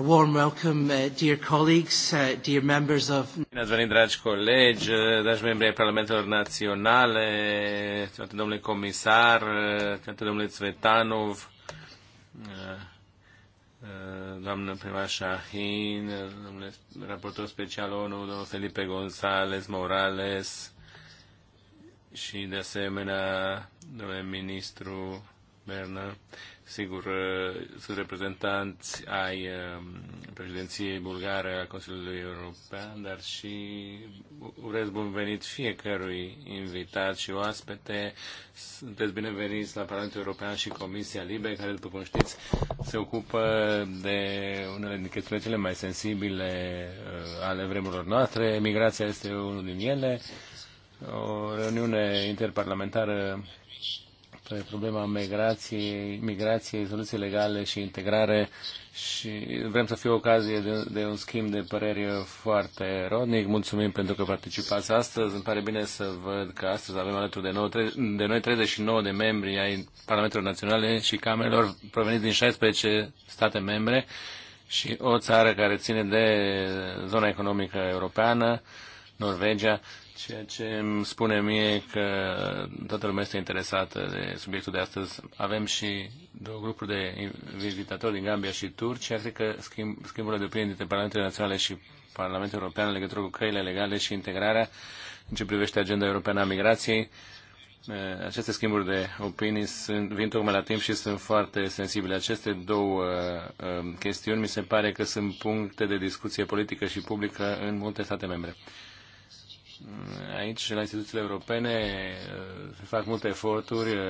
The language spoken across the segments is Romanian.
A warm welcome, uh, dear colleagues, uh, dear members of... Bine ați venit, dragi colegi, uh, dragi membri ai Parlamentelor Naționale, stimate domnule comisar, uh, stimate domnule Tsvetanov, uh, doamnă Prima Shahin, domnule raportor special ONU, domnul Felipe González Morales și, de asemenea, domnule ministru Berna Sigur, uh, sunt reprezentanți ai um, președinției bulgare a Consiliului European, dar și urez bun venit fiecărui invitat și oaspete. Sunteți bineveniți la Parlamentul European și Comisia Libe, care, după cum știți, se ocupă de unele din chestiunile cele mai sensibile uh, ale vremurilor noastre. Migrația este unul din ele. O reuniune interparlamentară despre problema migrației, migrației, soluții legale și integrare și vrem să fie o ocazie de, de un schimb de păreri foarte rodnic. Mulțumim pentru că participați astăzi. Îmi pare bine să văd că astăzi avem alături de, nou, de noi 39 de membri ai Parlamentului Naționale și Camerelor proveniți din 16 state membre și o țară care ține de zona economică europeană, Norvegia. Ceea ce îmi spune mie că toată lumea este interesată de subiectul de astăzi. Avem și două grupuri de vizitatori din Gambia și Turcia. Cred că schimb, schimburile de opinie dintre Parlamentele Naționale și Parlamentul European în legătură cu căile legale și integrarea în ce privește agenda europeană a migrației. Eh, aceste schimburi de opinii sunt, vin tocmai la timp și sunt foarte sensibile. Aceste două eh, chestiuni mi se pare că sunt puncte de discuție politică și publică în multe state membre. Aici și la instituțiile europene uh, se fac multe eforturi uh,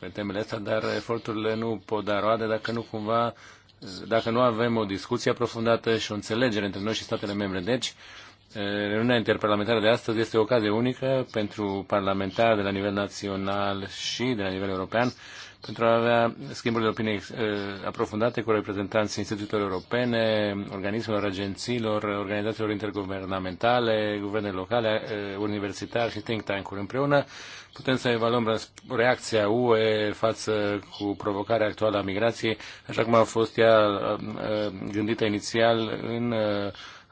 pe temele astea, dar eforturile nu pot da roade dacă nu cumva, uh, dacă nu avem o discuție aprofundată și o înțelegere între noi și statele membre. Deci, reuniunea interparlamentară de astăzi este o ocazie unică pentru parlamentari de la nivel național și de la nivel european pentru a avea schimburi de opinie eh, aprofundate cu reprezentanții instituțiilor europene, organismelor, agențiilor, organizațiilor interguvernamentale, guverne locale, eh, universitari și think tank-uri împreună. Putem să evaluăm reacția UE față cu provocarea actuală a migrației, așa cum a fost ea eh, gândită inițial în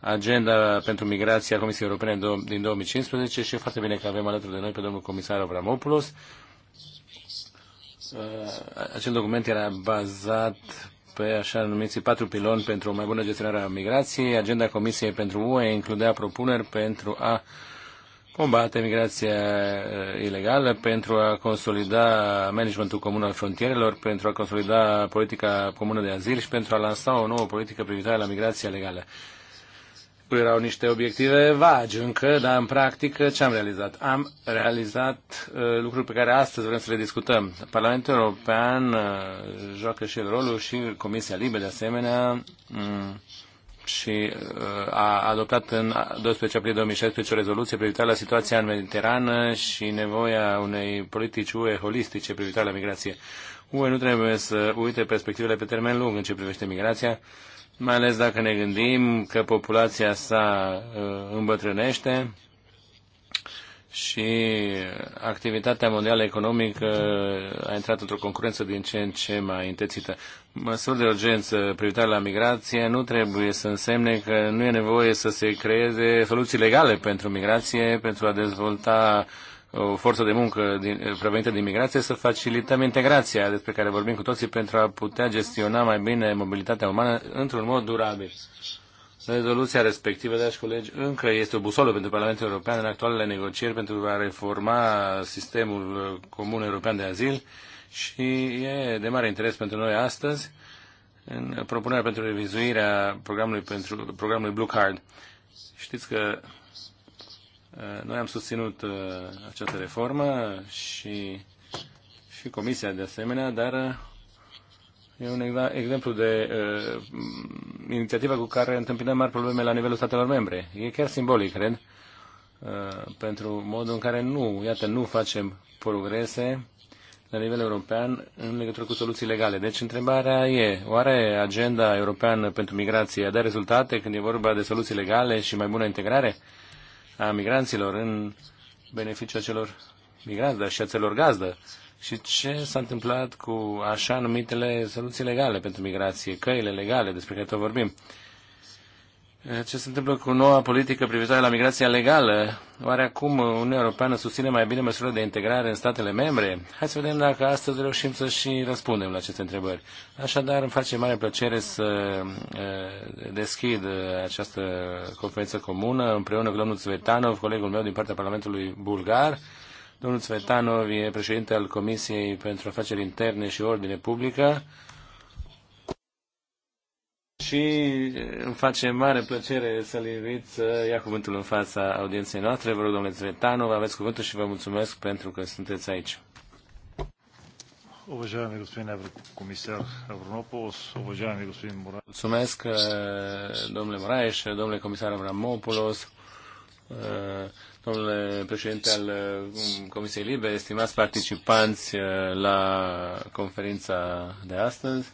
agenda pentru migrația a Comisiei Europene din 2015 și e foarte bine că avem alături de noi pe domnul comisar Avramopoulos, Uh, acel document era bazat pe așa numiții patru piloni pentru o mai bună gestionare a migrației. Agenda Comisiei pentru UE includea propuneri pentru a combate migrația uh, ilegală, pentru a consolida managementul comun al frontierelor, pentru a consolida politica comună de azil și pentru a lansa o nouă politică privitoare la migrația legală erau niște obiective vagi încă, dar în practică ce am realizat? Am realizat uh, lucruri pe care astăzi vrem să le discutăm. Parlamentul European uh, joacă și el rolul și Comisia Libe de asemenea um, și uh, a adoptat în 12 aprilie 2016 o rezoluție privitoare la situația în Mediterană și nevoia unei politici UE holistice privitoare la migrație. UE nu trebuie să uite perspectivele pe termen lung în ce privește migrația, mai ales dacă ne gândim că populația sa uh, îmbătrânește și activitatea mondială economică uh, a intrat într-o concurență din ce în ce mai intensită. Măsuri de urgență privitoare la migrație nu trebuie să însemne că nu e nevoie să se creeze soluții legale pentru migrație, pentru a dezvolta uh, o forță de muncă din, provenită din migrație, să facilităm integrația despre care vorbim cu toții pentru a putea gestiona mai bine mobilitatea umană într-un mod durabil. Rezoluția respectivă, dragi colegi, încă este o busolă pentru Parlamentul European în actualele negocieri pentru a reforma sistemul comun european de azil și e de mare interes pentru noi astăzi în propunerea pentru revizuirea programului, pentru, programului Blue Card. Știți că Eh, noi am susținut eh, această reformă și, și Comisia de asemenea, dar eh, e un exemplu de uh, inițiativă cu care întâmpinăm mari probleme la nivelul statelor membre. E chiar simbolic, cred, uh, pentru modul în care nu, iată, nu facem progrese la nivel european în legătură cu soluții legale. Deci întrebarea e, oare agenda europeană pentru migrație a dat rezultate când e vorba de soluții legale și mai bună integrare? Uh, a migranților în beneficiul celor migranți, dar și a celor gazdă. Și ce s-a întâmplat cu așa numitele soluții legale pentru migrație, căile legale despre care tot vorbim. Uh, ce se întâmplă cu noua politică privitoare la migrația legală? Oare acum Uniunea Europeană susține mai bine măsurile de integrare în statele membre? Hai să vedem dacă astăzi reușim să și răspundem la aceste întrebări. Așadar, îmi face mare plăcere să deschid această conferință comună împreună cu domnul Tsvetanov, colegul meu din partea Parlamentului Bulgar. Domnul Tsvetanov e președinte al Comisiei pentru Afaceri Interne și Ordine Publică și îmi face mare plăcere să-l invit să ia cuvântul în fața audienței noastre. Vă rog, domnule vă aveți cuvântul și vă mulțumesc pentru că sunteți aici. Уважаеми господин еврокомисар Авронополос, уважаеми господин Mulțumesc, domnule Moraes, domnule comisar Avramopoulos, domnule președinte al um, Comisiei Libe, estimați participanți la conferința de astăzi.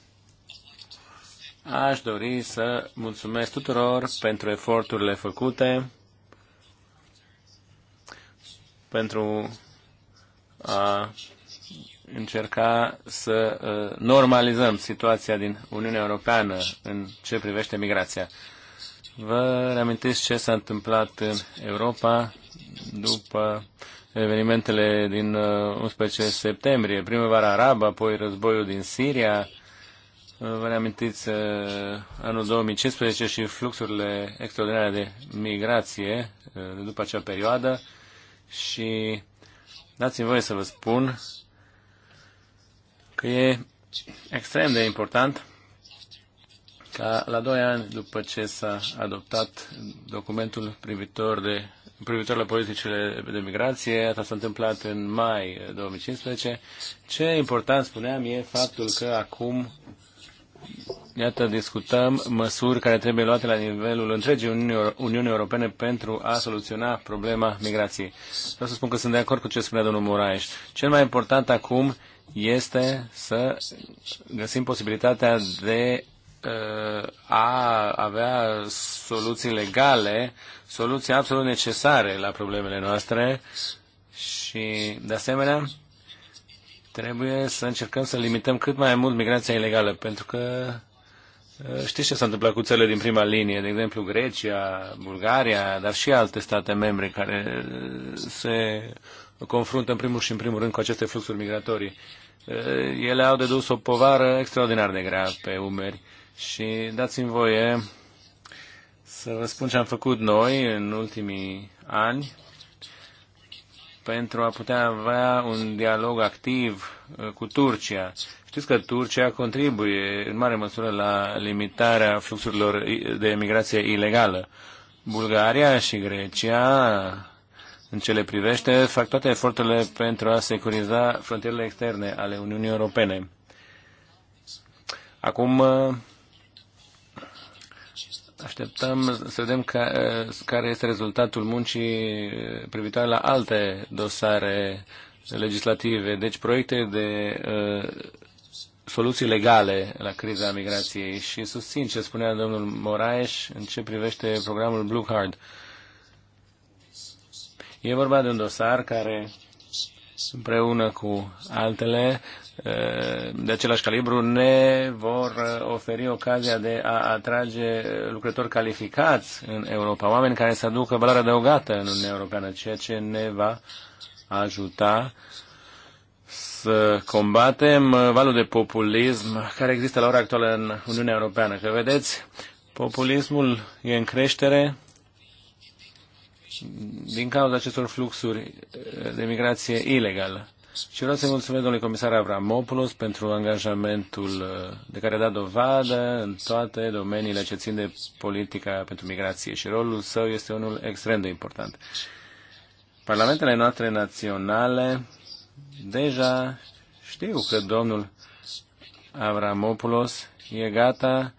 Aș dori să mulțumesc tuturor pentru eforturile făcute, pentru a încerca să uh, normalizăm situația din Uniunea Europeană în ce privește migrația. Vă reamintesc ce s-a întâmplat în Europa după evenimentele din 11 uh, septembrie, primăvara arabă, apoi războiul din Siria, Vă reamintiți uh, anul 2015 și fluxurile extraordinare de migrație uh, după acea perioadă și dați-mi voie să vă spun că e extrem de important ca la doi ani după ce s-a adoptat documentul privitor, de, privitor la politicile de migrație, asta s-a întâmplat în mai 2015, ce important spuneam e faptul că acum Iată, discutăm măsuri care trebuie luate la nivelul întregii Uniunii, Europene pentru a soluționa problema migrației. Vreau să spun că sunt de acord cu ce spunea domnul Moraes. Cel mai important acum este să găsim posibilitatea de uh, a avea soluții legale, soluții absolut necesare la problemele noastre și, de asemenea, Trebuie să încercăm să limităm cât mai mult migrația ilegală, pentru că uh, știți ce s-a întâmplat cu țările din prima linie, de exemplu Grecia, Bulgaria, dar și alte state membre care uh, se confruntă în primul și în primul rând cu aceste fluxuri migratorii. Uh, ele au dedus o povară extraordinar de grea pe umeri și dați-mi voie să vă spun ce am făcut noi în ultimii ani pentru a putea avea un dialog activ uh, cu Turcia. Știți că Turcia contribuie în mare măsură la limitarea fluxurilor de emigrație ilegală. Bulgaria și Grecia, în ce le privește, fac toate eforturile pentru a securiza frontierele externe ale Uniunii Europene. Acum, uh, așteptăm să vedem ca, care este rezultatul muncii privitoare la alte dosare legislative, deci proiecte de soluții legale la criza migrației și susțin ce spunea domnul Moraes în ce privește programul Blue Card. E vorba de un dosar care împreună cu altele de același calibru ne vor uh, oferi ocazia de a atrage lucrători calificați în Europa, oameni care să aducă valoare adăugată în Uniunea Europeană, ceea ce ne va ajuta să combatem valul de populism care există la ora actuală în Uniunea Europeană. Că vedeți, populismul e în creștere din cauza acestor fluxuri de migrație ilegală. Și vreau să-i mulțumesc domnului comisar Avramopoulos pentru angajamentul uh, de care a dat dovadă în toate domeniile ce țin de politica pentru migrație și rolul său este unul extrem de important. Parlamentele noastre naționale deja știu că domnul Avramopoulos e gata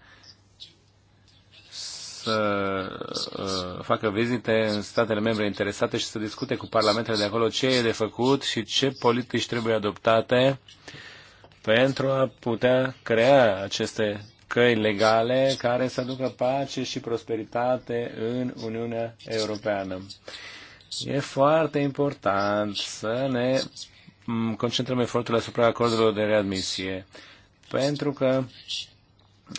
să uh, facă vizite în statele membre interesate și să discute cu parlamentele de acolo ce e de făcut și ce politici trebuie adoptate pentru a putea crea aceste căi legale care să aducă pace și prosperitate în Uniunea Europeană. E foarte important să ne mm, concentrăm efortul asupra acordurilor de readmisie, pentru că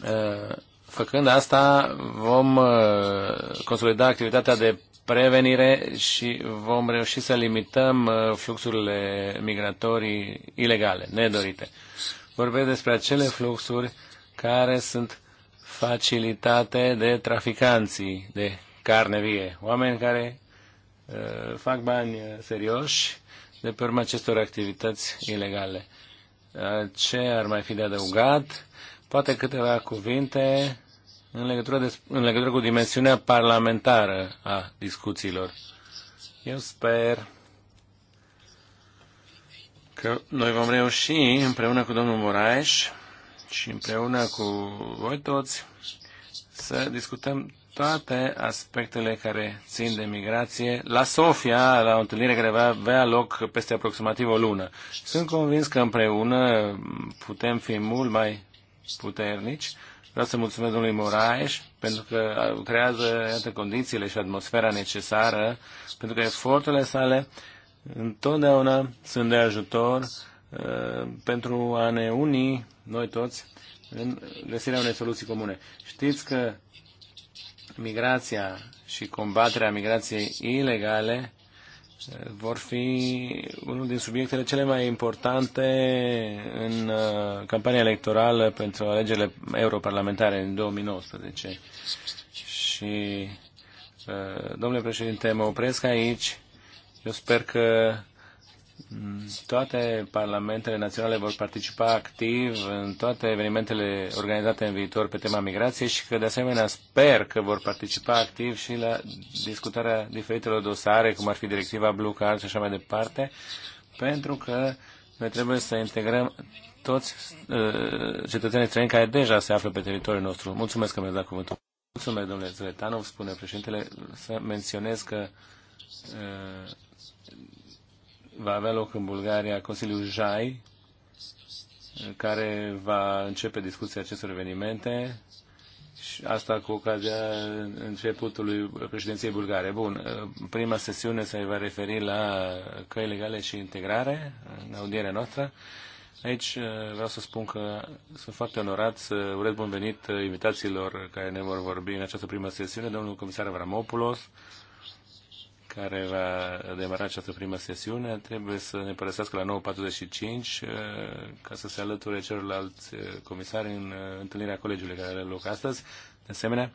uh, Făcând asta, vom uh, consolida activitatea de prevenire și vom reuși să limităm uh, fluxurile migratorii ilegale, nedorite. Vorbesc despre acele fluxuri care sunt facilitate de traficanții de carne vie, oameni care uh, fac bani uh, serioși de pe urma acestor activități ilegale. Ce ar mai fi de adăugat? Poate câteva cuvinte în legătură, de, în legătură cu dimensiunea parlamentară a discuțiilor. Eu sper că noi vom reuși împreună cu domnul Moraes și împreună cu voi toți să discutăm toate aspectele care țin de migrație la Sofia, la o întâlnire care va avea loc peste aproximativ o lună. Sunt convins că împreună putem fi mult mai puternici Vreau să mulțumesc domnului Moraes pentru că creează iată, condițiile și atmosfera necesară, pentru că eforturile sale întotdeauna sunt de ajutor uh, pentru a ne uni noi toți în găsirea unei soluții comune. Știți că migrația și combaterea migrației ilegale vor fi unul din subiectele cele mai importante în uh, campania electorală pentru alegerile europarlamentare în 2019. Și, uh, domnule președinte, mă opresc aici. Eu sper că toate parlamentele naționale vor participa activ în toate evenimentele organizate în viitor pe tema migrației și că, de asemenea, sper că vor participa activ și la discutarea diferitelor dosare, cum ar fi directiva Blue Card și așa mai departe, pentru că noi trebuie să integrăm toți uh, cetățenii străini care deja se află pe teritoriul nostru. Mulțumesc că mi-ați dat cuvântul. Mulțumesc, domnule Zvetanov, spune președintele, să menționez că uh, va avea loc în Bulgaria Consiliul JAI, care va începe discuția acestor evenimente și asta cu ocazia începutului președinției bulgare. Bun, prima sesiune se va referi la căi legale și integrare în audierea noastră. Aici uh, vreau să spun că sunt foarte onorat să urez bun venit uh, invitațiilor care ne vor vorbi în această primă sesiune, domnul comisar Avramopoulos, care va demara această primă sesiune trebuie să ne părăsească la 9.45 eh, ca să se alăture celorlalți eh, comisari în eh, întâlnirea colegiului care are loc astăzi. De asemenea,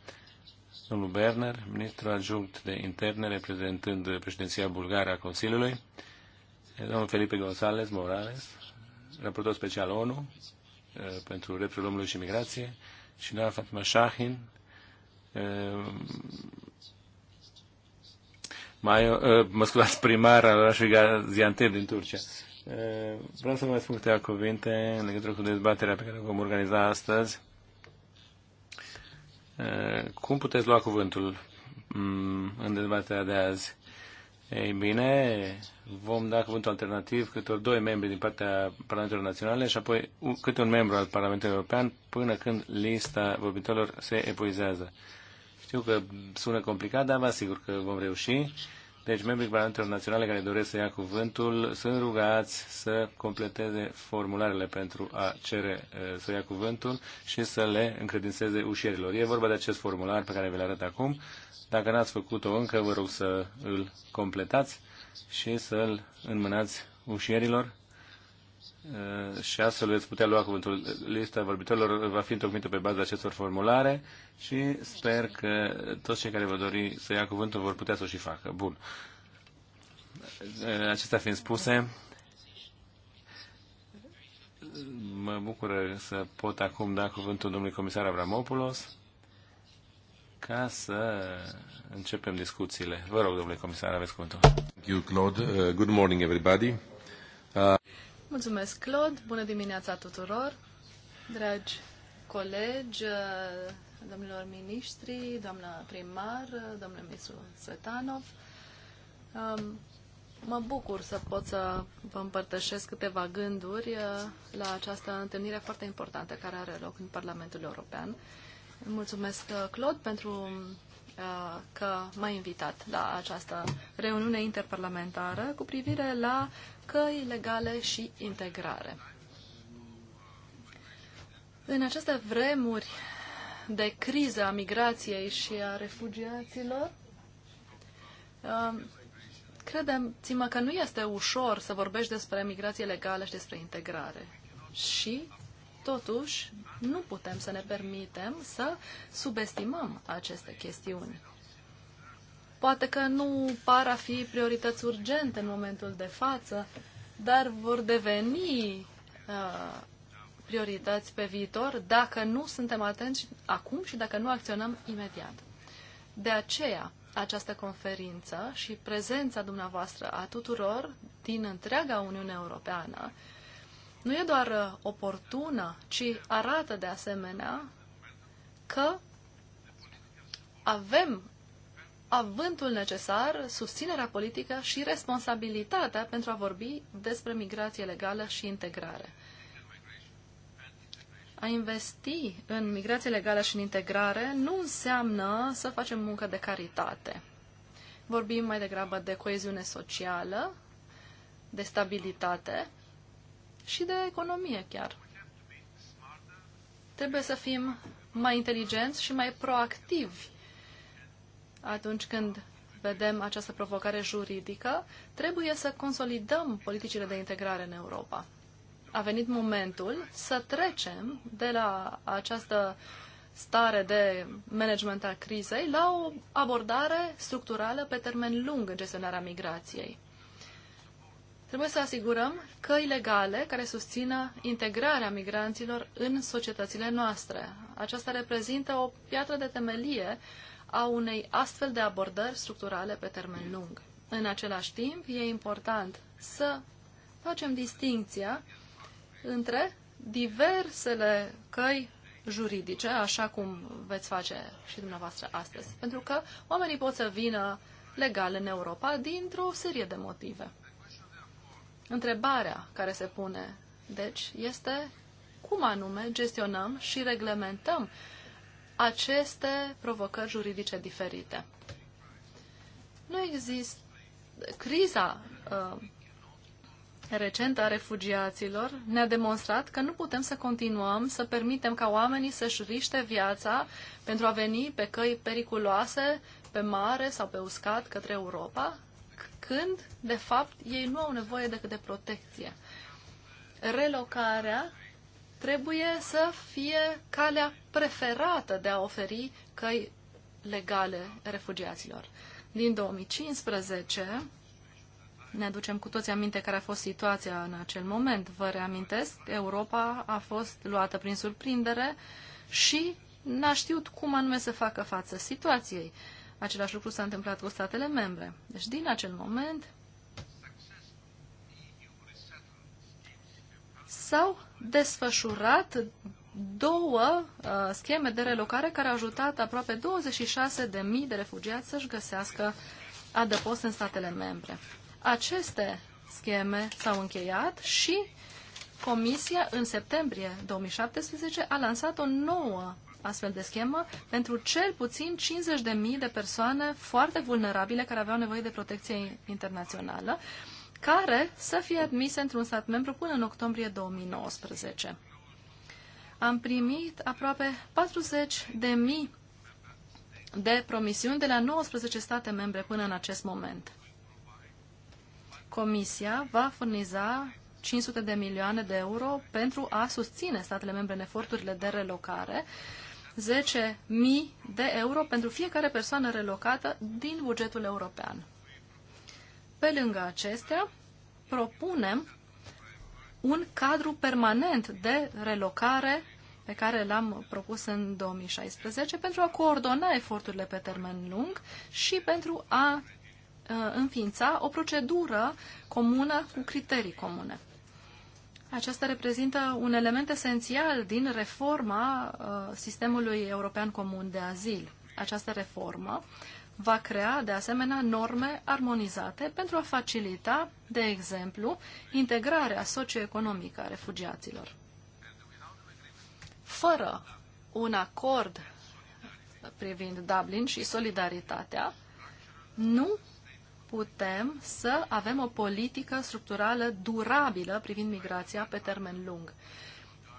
domnul Berner, ministru adjunct de interne, reprezentând președinția bulgară a Consiliului, domnul Felipe González Morales, raportor special ONU pentru drepturile omului și migrație, și doamna Fatima Shahin, mai, uh, mă scuzați, primar al orașului Gaziantep din Turcia. Uh, vreau să vă spun câteva cuvinte în legătură cu dezbaterea pe care o vom organiza astăzi. Uh, cum puteți lua cuvântul um, în dezbaterea de azi? Ei bine, vom da cuvântul alternativ câte doi membri din partea Parlamentului Naționale și apoi câte un membru al Parlamentului European până când lista vorbitorilor se epuizează. Știu că sună complicat, dar vă asigur că vom reuși. Deci, membrii Parlamentelor Naționale care doresc să ia cuvântul sunt rugați să completeze formularele pentru a cere eh, să ia cuvântul și să le încredințeze ușierilor. E vorba de acest formular pe care vi-l arăt acum. Dacă n-ați făcut-o încă, vă rog să îl completați și să-l înmânați ușierilor Uh, și astfel veți putea lua cuvântul. Lista vorbitorilor va fi întocmită pe baza acestor formulare și sper că toți cei care vă dori să ia cuvântul vor putea să o și facă. Bun. Uh, acestea fiind spuse, mă bucură să pot acum da cuvântul domnului comisar Avramopoulos ca să începem discuțiile. Vă rog, domnule comisar, aveți cuvântul. Thank you, Claude. Uh, good morning, everybody. Uh... Mulțumesc, Claude. Bună dimineața tuturor, dragi colegi, domnilor miniștri, doamna primar, domnule ministru Svetanov. Um, mă bucur să pot să vă împărtășesc câteva gânduri uh, la această întâlnire foarte importantă care are loc în Parlamentul European. Mulțumesc, uh, Claude, pentru Uh, că m-a invitat la această reuniune interparlamentară cu privire la căi legale și integrare. În aceste vremuri de criză a migrației și a refugiaților, uh, credem, mă că nu este ușor să vorbești despre migrație legală și despre integrare. Și Totuși, nu putem să ne permitem să subestimăm aceste chestiuni. Poate că nu par a fi priorități urgente în momentul de față, dar vor deveni uh, priorități pe viitor dacă nu suntem atenți acum și dacă nu acționăm imediat. De aceea, această conferință și prezența dumneavoastră a tuturor din întreaga Uniune Europeană nu e doar uh, oportună, ci arată de asemenea că avem avântul necesar, susținerea politică și responsabilitatea pentru a vorbi despre migrație legală și integrare. A investi în migrație legală și în integrare nu înseamnă să facem muncă de caritate. Vorbim mai degrabă de coeziune socială, de stabilitate și de economie chiar. Trebuie să fim mai inteligenți și mai proactivi atunci când vedem această provocare juridică, trebuie să consolidăm politicile de integrare în Europa. A venit momentul să trecem de la această stare de management a crizei la o abordare structurală pe termen lung în gestionarea migrației. Trebuie să asigurăm căi legale care susțină integrarea migranților în societățile noastre. Aceasta reprezintă o piatră de temelie a unei astfel de abordări structurale pe termen lung. În același timp, e important să facem distinția între diversele căi juridice, așa cum veți face și dumneavoastră astăzi. Pentru că oamenii pot să vină legal în Europa dintr-o serie de motive. Întrebarea care se pune, deci, este cum anume gestionăm și reglementăm aceste provocări juridice diferite. Nu există criza uh, recentă a refugiaților ne-a demonstrat că nu putem să continuăm să permitem ca oamenii să-și riște viața pentru a veni pe căi periculoase, pe mare sau pe uscat către Europa, când, de fapt, ei nu au nevoie decât de protecție. Relocarea trebuie să fie calea preferată de a oferi căi legale refugiaților. Din 2015, ne aducem cu toți aminte care a fost situația în acel moment. Vă reamintesc, Europa a fost luată prin surprindere și n-a știut cum anume să facă față situației. Uh, Același lucru s-a întâmplat cu statele membre. Deci, din acel moment, s-au desfășurat două uh, scheme de relocare care au ajutat aproape 26.000 de refugiați să-și găsească adăpost în statele membre. Aceste scheme s-au încheiat și Comisia, în septembrie 2017, a lansat o nouă astfel de schemă pentru cel puțin 50.000 de persoane foarte vulnerabile care aveau nevoie de protecție internațională, care să fie admise într-un stat membru până în octombrie 2019. Am primit aproape 40.000 de promisiuni de la 19 state membre până în acest moment. Comisia va furniza 500 de milioane de euro pentru a susține statele membre în eforturile de relocare 10.000 de euro pentru fiecare persoană relocată din bugetul european. Pe lângă acestea, propunem un cadru permanent de relocare pe care l-am propus în 2016 pentru a coordona eforturile pe termen lung și pentru a uh, înființa o procedură comună cu criterii comune. Aceasta reprezintă un element esențial din reforma uh, sistemului european comun de azil. Această reformă va crea, de asemenea, norme armonizate pentru a facilita, de exemplu, integrarea socioeconomică a refugiaților. Fără un acord privind Dublin și solidaritatea, nu putem să avem o politică structurală durabilă privind migrația pe termen lung.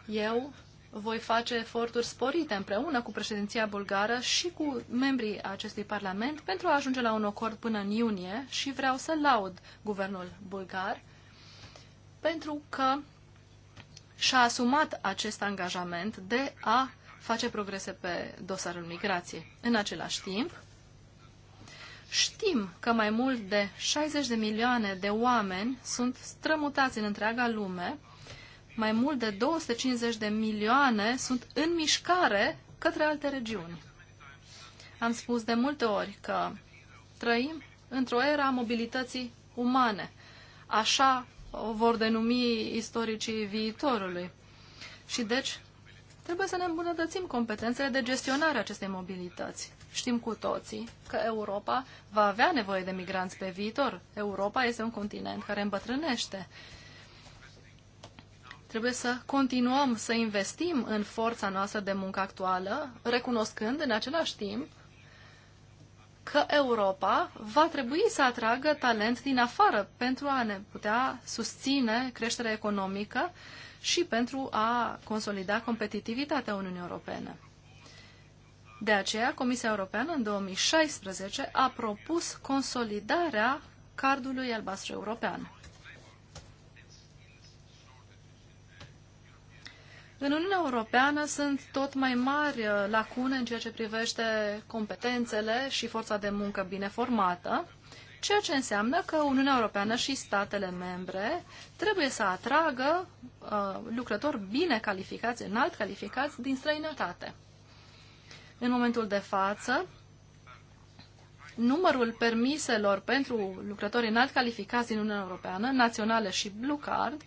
Eu voi face eforturi sporite împreună cu președinția bulgară și cu membrii acestui parlament pentru a ajunge la un acord până în iunie și vreau să laud guvernul bulgar pentru că și-a asumat acest angajament de a face progrese pe dosarul migrației. În același timp, Știm că mai mult de 60 de milioane de oameni sunt strămutați în întreaga lume, mai mult de 250 de milioane sunt în mișcare către alte regiuni. Am spus de multe ori că trăim într-o era a mobilității umane. Așa o vor denumi istoricii viitorului. Și deci trebuie să ne îmbunătățim competențele de gestionare a acestei mobilități. Știm cu toții că Europa va avea nevoie de migranți pe viitor. Europa este un continent care îmbătrânește. Trebuie să continuăm să investim în forța noastră de muncă actuală, recunoscând în același timp că Europa va trebui să atragă talent din afară pentru a ne putea susține creșterea economică și pentru a consolida competitivitatea Uniunii Europene. De aceea, Comisia Europeană în 2016 a propus consolidarea cardului albastru european. În Uniunea Europeană sunt tot mai mari uh, lacune în ceea ce privește competențele și forța de muncă bine formată, ceea ce înseamnă că Uniunea Europeană și statele membre trebuie să atragă uh, lucrători bine calificați, înalt calificați din străinătate. În momentul de față, numărul permiselor pentru lucrători înalt calificați din Uniunea Europeană, naționale și blue card,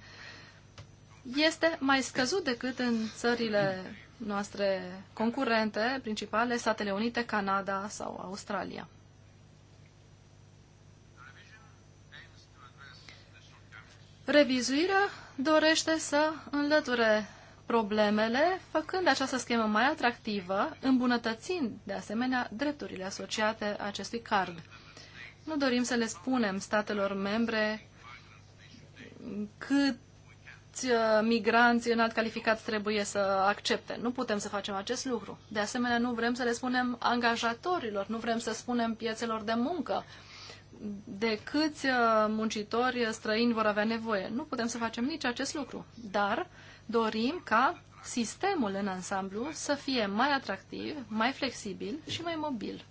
este mai scăzut decât în țările noastre concurente principale, Statele Unite, Canada sau Australia. Revizuirea dorește să înlăture problemele, făcând această schemă mai atractivă, îmbunătățind, de asemenea, drepturile asociate acestui card. Nu dorim să le spunem statelor membre cât uh, migranți înalt calificați trebuie să accepte. Nu putem să facem acest lucru. De asemenea, nu vrem să le spunem angajatorilor, nu vrem să spunem piețelor de muncă de câți uh, muncitori străini vor avea nevoie. Nu putem să facem nici acest lucru. Dar dorim ca sistemul în ansamblu să fie mai atractiv, mai flexibil și mai mobil.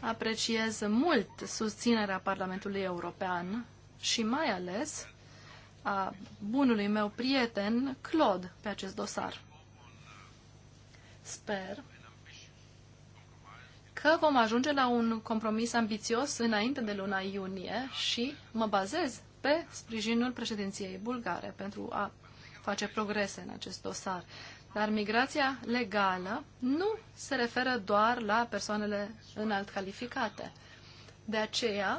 Apreciez mult susținerea Parlamentului European și mai ales a bunului meu prieten Claude pe acest dosar. Sper că vom ajunge la un compromis ambițios înainte de luna iunie și mă bazez pe sprijinul președinției bulgare pentru a face progrese în acest dosar. Dar migrația legală nu se referă doar la persoanele înalt calificate. De aceea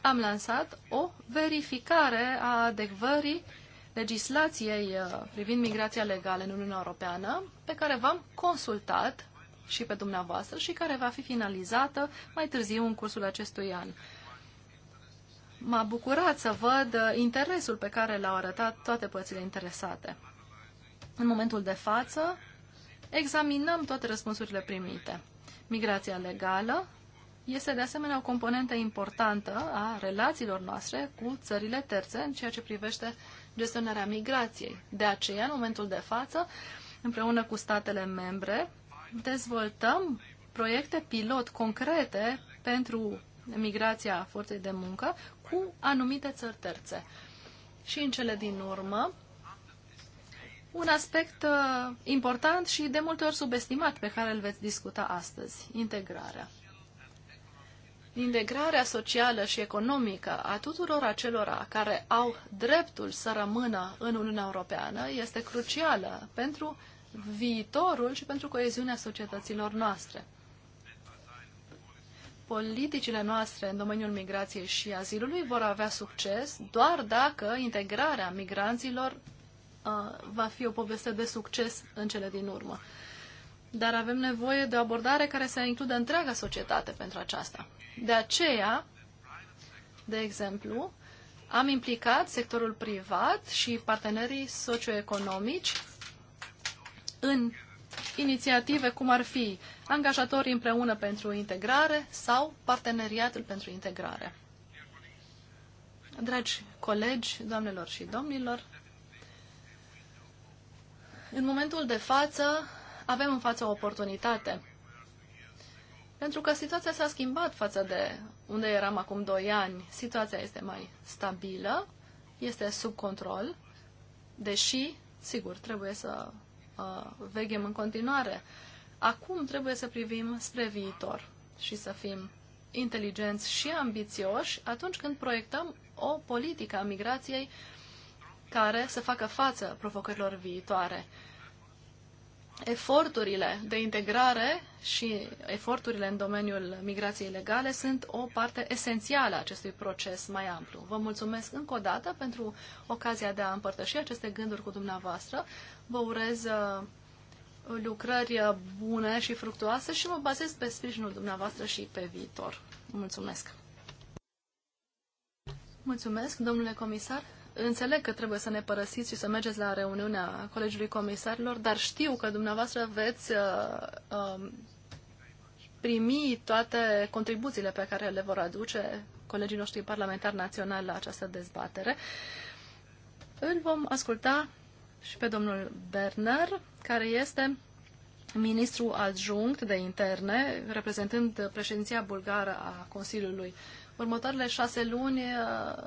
am lansat o verificare a adecvării legislației uh, privind migrația legală în Uniunea Europeană, pe care v-am consultat și pe dumneavoastră și care va fi finalizată mai târziu în cursul acestui an m-a bucurat să văd uh, interesul pe care l-au arătat toate părțile interesate. În momentul de față, examinăm toate răspunsurile primite. Migrația legală este de asemenea o componentă importantă a relațiilor noastre cu țările terțe în ceea ce privește gestionarea migrației. De aceea, în momentul de față, împreună cu statele membre, dezvoltăm proiecte pilot concrete pentru migrația forței de muncă cu anumite țări terțe. Și în cele din urmă, un aspect uh, important și de multe ori subestimat pe care îl veți discuta astăzi, integrarea. Integrarea socială și economică a tuturor acelora care au dreptul să rămână în Uniunea Europeană este crucială pentru viitorul și pentru coeziunea societăților noastre politicile noastre în domeniul migrației și azilului vor avea succes doar dacă integrarea migranților uh, va fi o poveste de succes în cele din urmă. Dar avem nevoie de o abordare care să includă întreaga societate pentru aceasta. De aceea, de exemplu, am implicat sectorul privat și partenerii socioeconomici în inițiative cum ar fi angajatorii împreună pentru integrare sau parteneriatul pentru integrare. Dragi colegi, doamnelor și domnilor, în momentul de față avem în față o oportunitate. Pentru că situația s-a schimbat față de unde eram acum 2 ani. Situația este mai stabilă, este sub control, deși, sigur, trebuie să uh, veghem în continuare. Acum trebuie să privim spre viitor și să fim inteligenți și ambițioși atunci când proiectăm o politică a migrației care să facă față provocărilor viitoare. Eforturile de integrare și eforturile în domeniul migrației legale sunt o parte esențială a acestui proces mai amplu. Vă mulțumesc încă o dată pentru ocazia de a împărtăși aceste gânduri cu dumneavoastră vă urez uh, lucrări uh, bune și fructuoase și mă bazez pe sprijinul dumneavoastră și pe viitor. Mulțumesc! Mulțumesc, domnule comisar! Înțeleg că trebuie să ne părăsiți și să mergeți la reuniunea Colegiului Comisarilor, dar știu că dumneavoastră veți uh, uh, primi toate contribuțiile pe care le vor aduce colegii noștri parlamentari naționali la această dezbatere. Îl vom asculta și pe domnul Berner, care este ministru adjunct de interne, reprezentând președinția bulgară a Consiliului. Următoarele șase luni uh,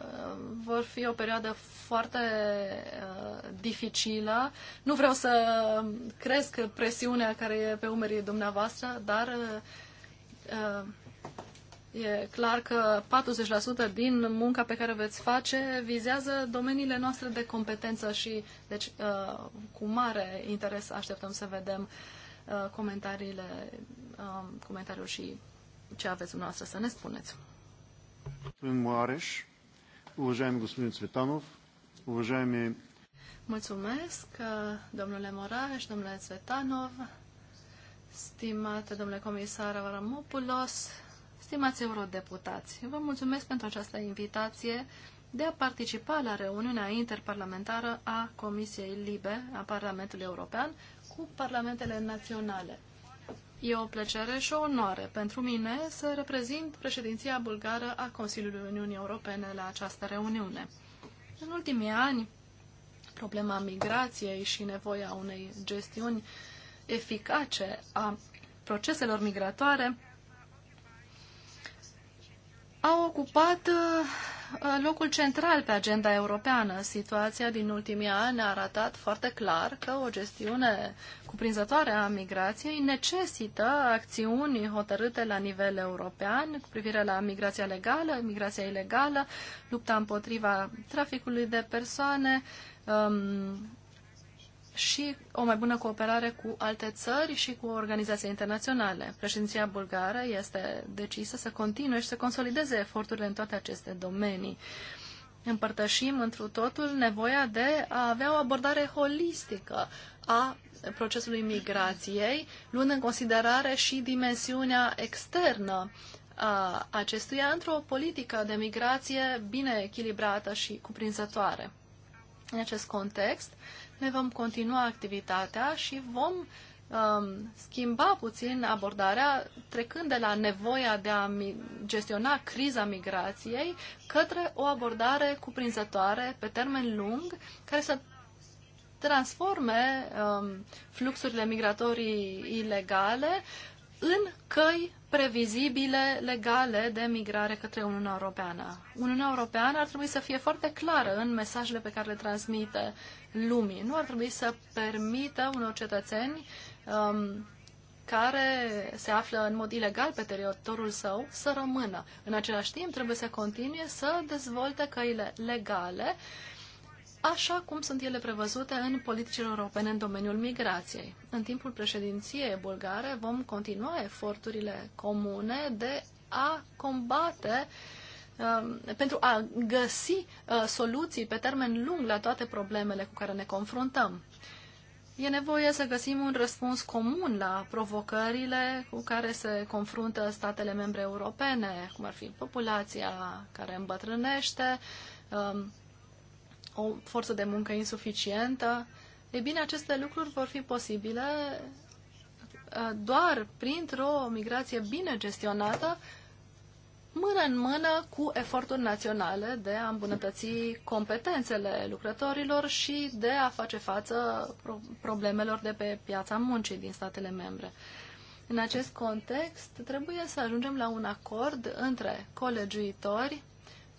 vor fi o perioadă foarte uh, dificilă. Nu vreau să cresc presiunea care e pe umerii dumneavoastră, dar uh, E clar că 40% din munca pe care o veți face vizează domeniile noastre de competență și, deci, uh, cu mare interes așteptăm să vedem uh, comentariile, um, comentariul și ce aveți dumneavoastră să ne spuneți. Mulțumesc, uh, domnule Moraș, domnule Cvetanov, stimate domnule comisar Avramopoulos, Stimați eurodeputați, vă mulțumesc pentru această invitație de a participa la reuniunea interparlamentară a Comisiei Libe a Parlamentului European cu parlamentele naționale. E o plăcere și o onoare pentru mine să reprezint președinția bulgară a Consiliului Uniunii Europene la această reuniune. În ultimii ani, problema migrației și nevoia unei gestiuni eficace a proceselor migratoare au ocupat uh, locul central pe agenda europeană. Situația din ultimii ani a arătat foarte clar că o gestiune cuprinzătoare a migrației necesită acțiuni hotărâte la nivel european cu privire la migrația legală, migrația ilegală, lupta împotriva traficului de persoane, um, și o mai bună cooperare cu alte țări și cu organizații internaționale. Președinția bulgară este decisă să continue și să consolideze eforturile în toate aceste domenii. Împărtășim întru totul nevoia de a avea o abordare holistică a procesului migrației, luând în considerare și dimensiunea externă a acestuia într-o politică de migrație bine echilibrată și cuprinzătoare. În acest context, ne vom continua activitatea și vom um, schimba puțin abordarea trecând de la nevoia de a gestiona criza migrației către o abordare cuprinzătoare pe termen lung care să transforme um, fluxurile migratorii ilegale în căi previzibile, legale de migrare către Uniunea Europeană. Uniunea Europeană ar trebui să fie foarte clară în mesajele pe care le transmite lumii. Nu ar trebui să permită unor cetățeni um, care se află în mod ilegal pe teritoriul său să rămână. În același timp, trebuie să continue să dezvolte căile legale uh, așa cum sunt ele prevăzute în politicile europene în domeniul migrației. În timpul președinției bulgare vom continua eforturile comune de a combate um, pentru a găsi uh, soluții pe termen lung la toate problemele cu care ne confruntăm. E nevoie să găsim un răspuns comun la provocările cu care se confruntă statele membre europene, cum ar fi populația care îmbătrânește, um, o forță de muncă insuficientă. Ei bine, aceste lucruri vor fi posibile uh, doar printr-o migrație bine gestionată, mână în mână cu eforturi naționale de a îmbunătăți competențele lucrătorilor și de a face față problemelor de pe piața muncii din statele membre. În acest context, trebuie să ajungem la un acord între colegiuitori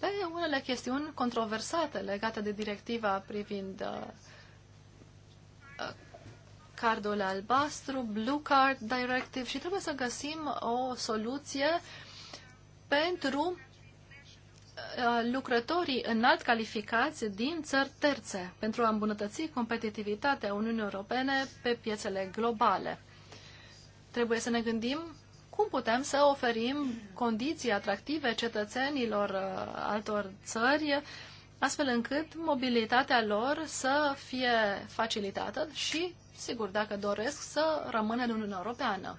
pe păi, unele chestiuni controversate legate de directiva privind uh, uh, cardul albastru, Blue Card Directive și trebuie să găsim o soluție pentru uh, lucrătorii înalt calificați din țări terțe pentru a îmbunătăți competitivitatea Uniunii Europene pe piețele globale. Trebuie să ne gândim cum putem să oferim condiții atractive cetățenilor uh, altor țări, astfel încât mobilitatea lor să fie facilitată și, sigur, dacă doresc, să rămână în Uniunea Europeană.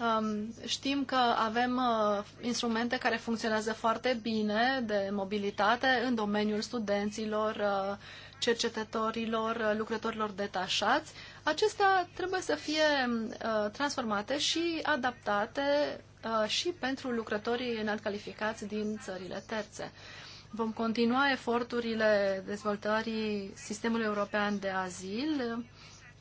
Um, știm că avem uh, instrumente care funcționează foarte bine de mobilitate în domeniul studenților, uh, cercetătorilor, uh, lucrătorilor detașați, acestea trebuie să fie uh, transformate și adaptate uh, și pentru lucrătorii înalt calificați din țările terțe. Vom continua eforturile dezvoltării sistemului european de azil,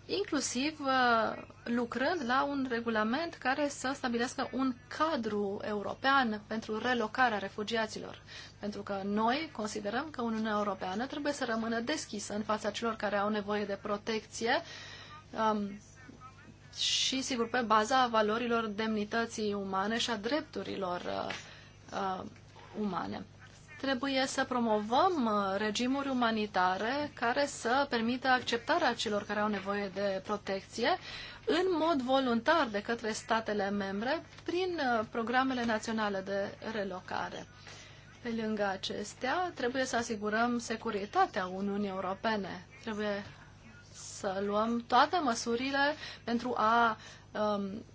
inclusiv uh, lucrând la un regulament care să stabilească un cadru european pentru relocarea refugiaților. Pentru că noi considerăm că Uniunea Europeană trebuie să rămână deschisă în fața celor care au nevoie de protecție uh, um, și, sigur, pe baza valorilor demnității umane și a drepturilor uh, uh umane. Trebuie să promovăm uh, regimuri umanitare care să permită acceptarea celor care au nevoie de protecție în mod voluntar de către statele membre prin uh, programele naționale de relocare. Pe lângă acestea, trebuie să asigurăm securitatea Uniunii Europene. Trebuie să luăm toate măsurile pentru a um,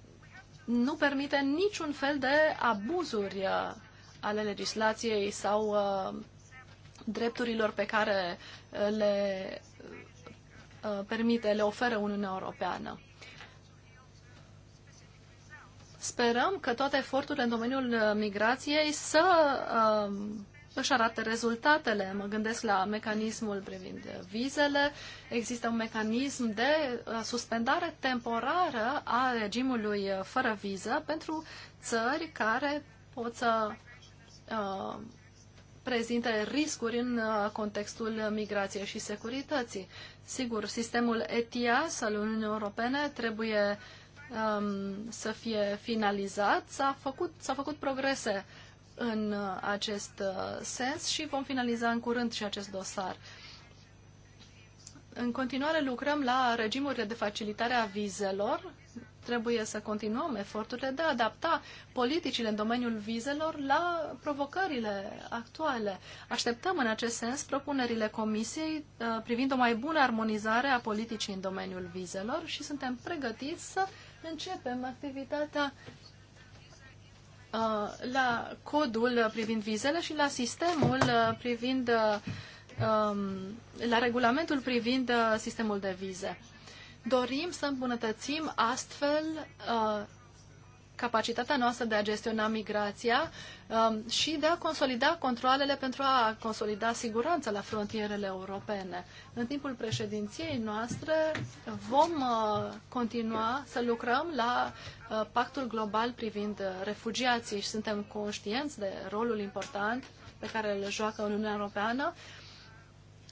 nu permite niciun fel de abuzuri uh, ale legislației sau uh, drepturilor pe care uh, le uh, permite, le oferă Uniunea Europeană. Sperăm că toate eforturile în domeniul uh, migrației să uh, își arată rezultatele. Mă gândesc la mecanismul privind vizele. Există un mecanism de uh, suspendare temporară a regimului uh, fără viză pentru țări care pot să uh, prezinte riscuri în contextul migrației și securității. Sigur, sistemul ETIAS al Uniunii Europene trebuie um, să fie finalizat. S-a făcut, a făcut progrese în uh, acest uh, sens și vom finaliza în curând și acest dosar. În continuare lucrăm la regimurile de facilitare a vizelor. Trebuie să continuăm eforturile de a adapta politicile în domeniul vizelor la provocările actuale. Așteptăm în acest sens propunerile Comisiei uh, privind o mai bună armonizare a politicii în domeniul vizelor și suntem pregătiți să începem activitatea Uh, la codul privind vizele și la sistemul uh, privind uh, um, la regulamentul privind sistemul de vize. Dorim să îmbunătățim astfel capacitatea noastră de a gestiona migrația um, și de a consolida controlele pentru a consolida siguranța la frontierele europene. În timpul președinției noastre vom uh, continua să lucrăm la uh, pactul global privind uh, refugiații și suntem conștienți de rolul important pe care îl joacă Uniunea Europeană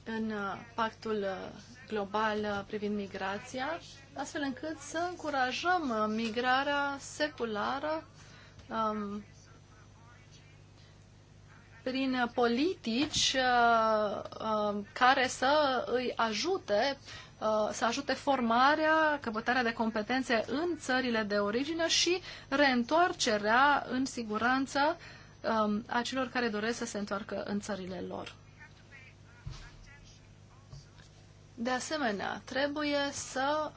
în uh, pactul uh, global uh, privind migrația, astfel încât să încurajăm uh, migrarea seculară um, prin politici uh, uh, care să îi ajute uh, să ajute formarea, căpătarea de competențe în țările de origine și reîntoarcerea în siguranță um, a celor care doresc să se întoarcă în țările lor. De asemenea, trebuie să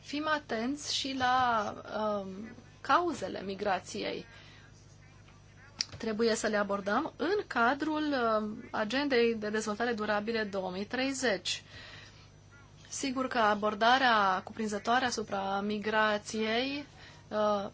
fim atenți și la um, cauzele migrației. Trebuie să le abordăm în cadrul um, agendei de dezvoltare durabile 2030. Sigur că abordarea cuprinzătoare asupra migrației uh,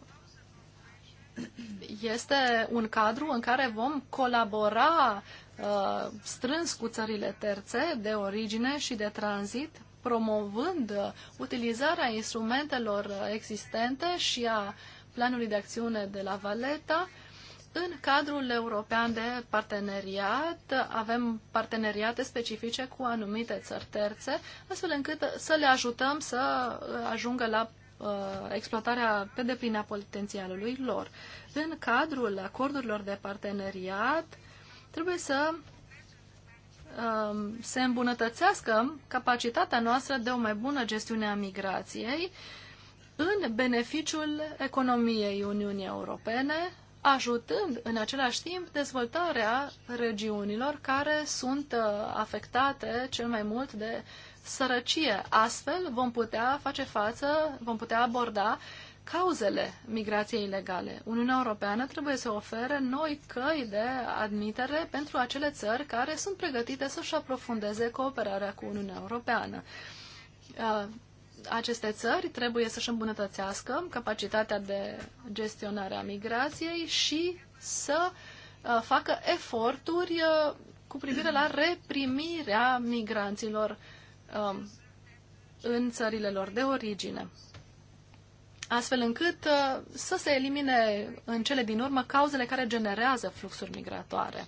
este un cadru în care vom colabora Uh, strâns cu țările terțe de origine și de tranzit, promovând uh, utilizarea instrumentelor uh, existente și a planului de acțiune de la Valeta, în cadrul european de parteneriat avem parteneriate specifice cu anumite țări terțe, astfel încât să le ajutăm să ajungă la exploatarea pe deplină a potențialului lor. În cadrul acordurilor de parteneriat Trebuie să um, se îmbunătățească capacitatea noastră de o mai bună gestiune a migrației în beneficiul economiei Uniunii Europene, ajutând în același timp dezvoltarea regiunilor care sunt uh, afectate cel mai mult de uh, sărăcie. Astfel vom putea face față, vom putea aborda cauzele migrației ilegale. Uniunea Europeană trebuie să ofere noi căi de admitere pentru acele țări care sunt pregătite să-și aprofundeze cooperarea cu Uniunea Europeană. Uh, aceste țări trebuie să-și îmbunătățească capacitatea de gestionare a migrației și să uh, facă eforturi uh, cu privire la reprimirea migranților Um, în țările lor de origine, astfel încât uh, să se elimine în cele din urmă cauzele care generează fluxuri migratoare.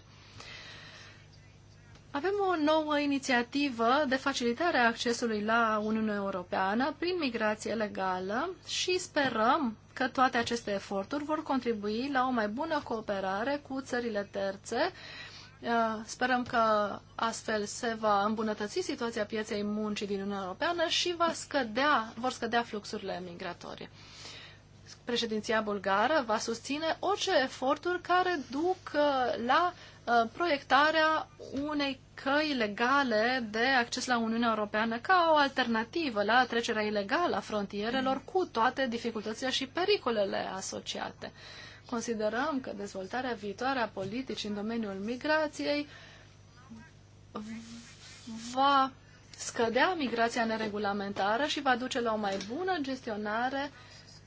Avem o nouă inițiativă de facilitare a accesului la Uniunea Europeană prin migrație legală și sperăm că toate aceste eforturi vor contribui la o mai bună cooperare cu țările terțe Uh, sperăm că astfel se va îmbunătăți situația pieței muncii din Uniunea Europeană și va scădea, vor scădea fluxurile migratorii. Președinția bulgară va susține orice eforturi care duc uh, la uh, proiectarea unei căi legale de acces la Uniunea Europeană ca o alternativă la trecerea ilegală a frontierelor cu toate dificultățile și pericolele asociate. Considerăm că dezvoltarea viitoare a politicii în domeniul migrației va scădea migrația neregulamentară și va duce la o mai bună gestionare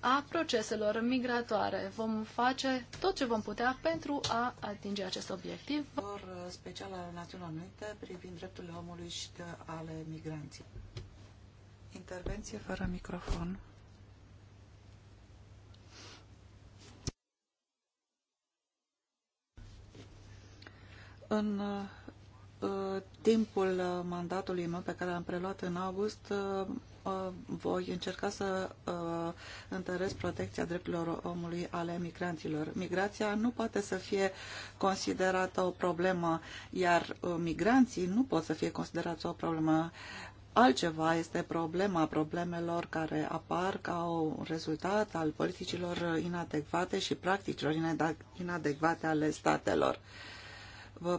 a proceselor migratoare. Vom face tot ce vom putea pentru a atinge acest obiectiv. Uh, special al Națiunilor Unite privind drepturile omului și ale migranții. Intervenție fără microfon. În uh, timpul uh, mandatului meu pe care l-am preluat în august, uh, voi încerca să întăresc protecția drepturilor omului ale migranților. Migrația nu poate să fie considerată o problemă, iar migranții nu pot să fie considerați o problemă. Altceva este problema problemelor care apar ca un rezultat al politicilor inadecvate și practicilor inadecvate ale statelor.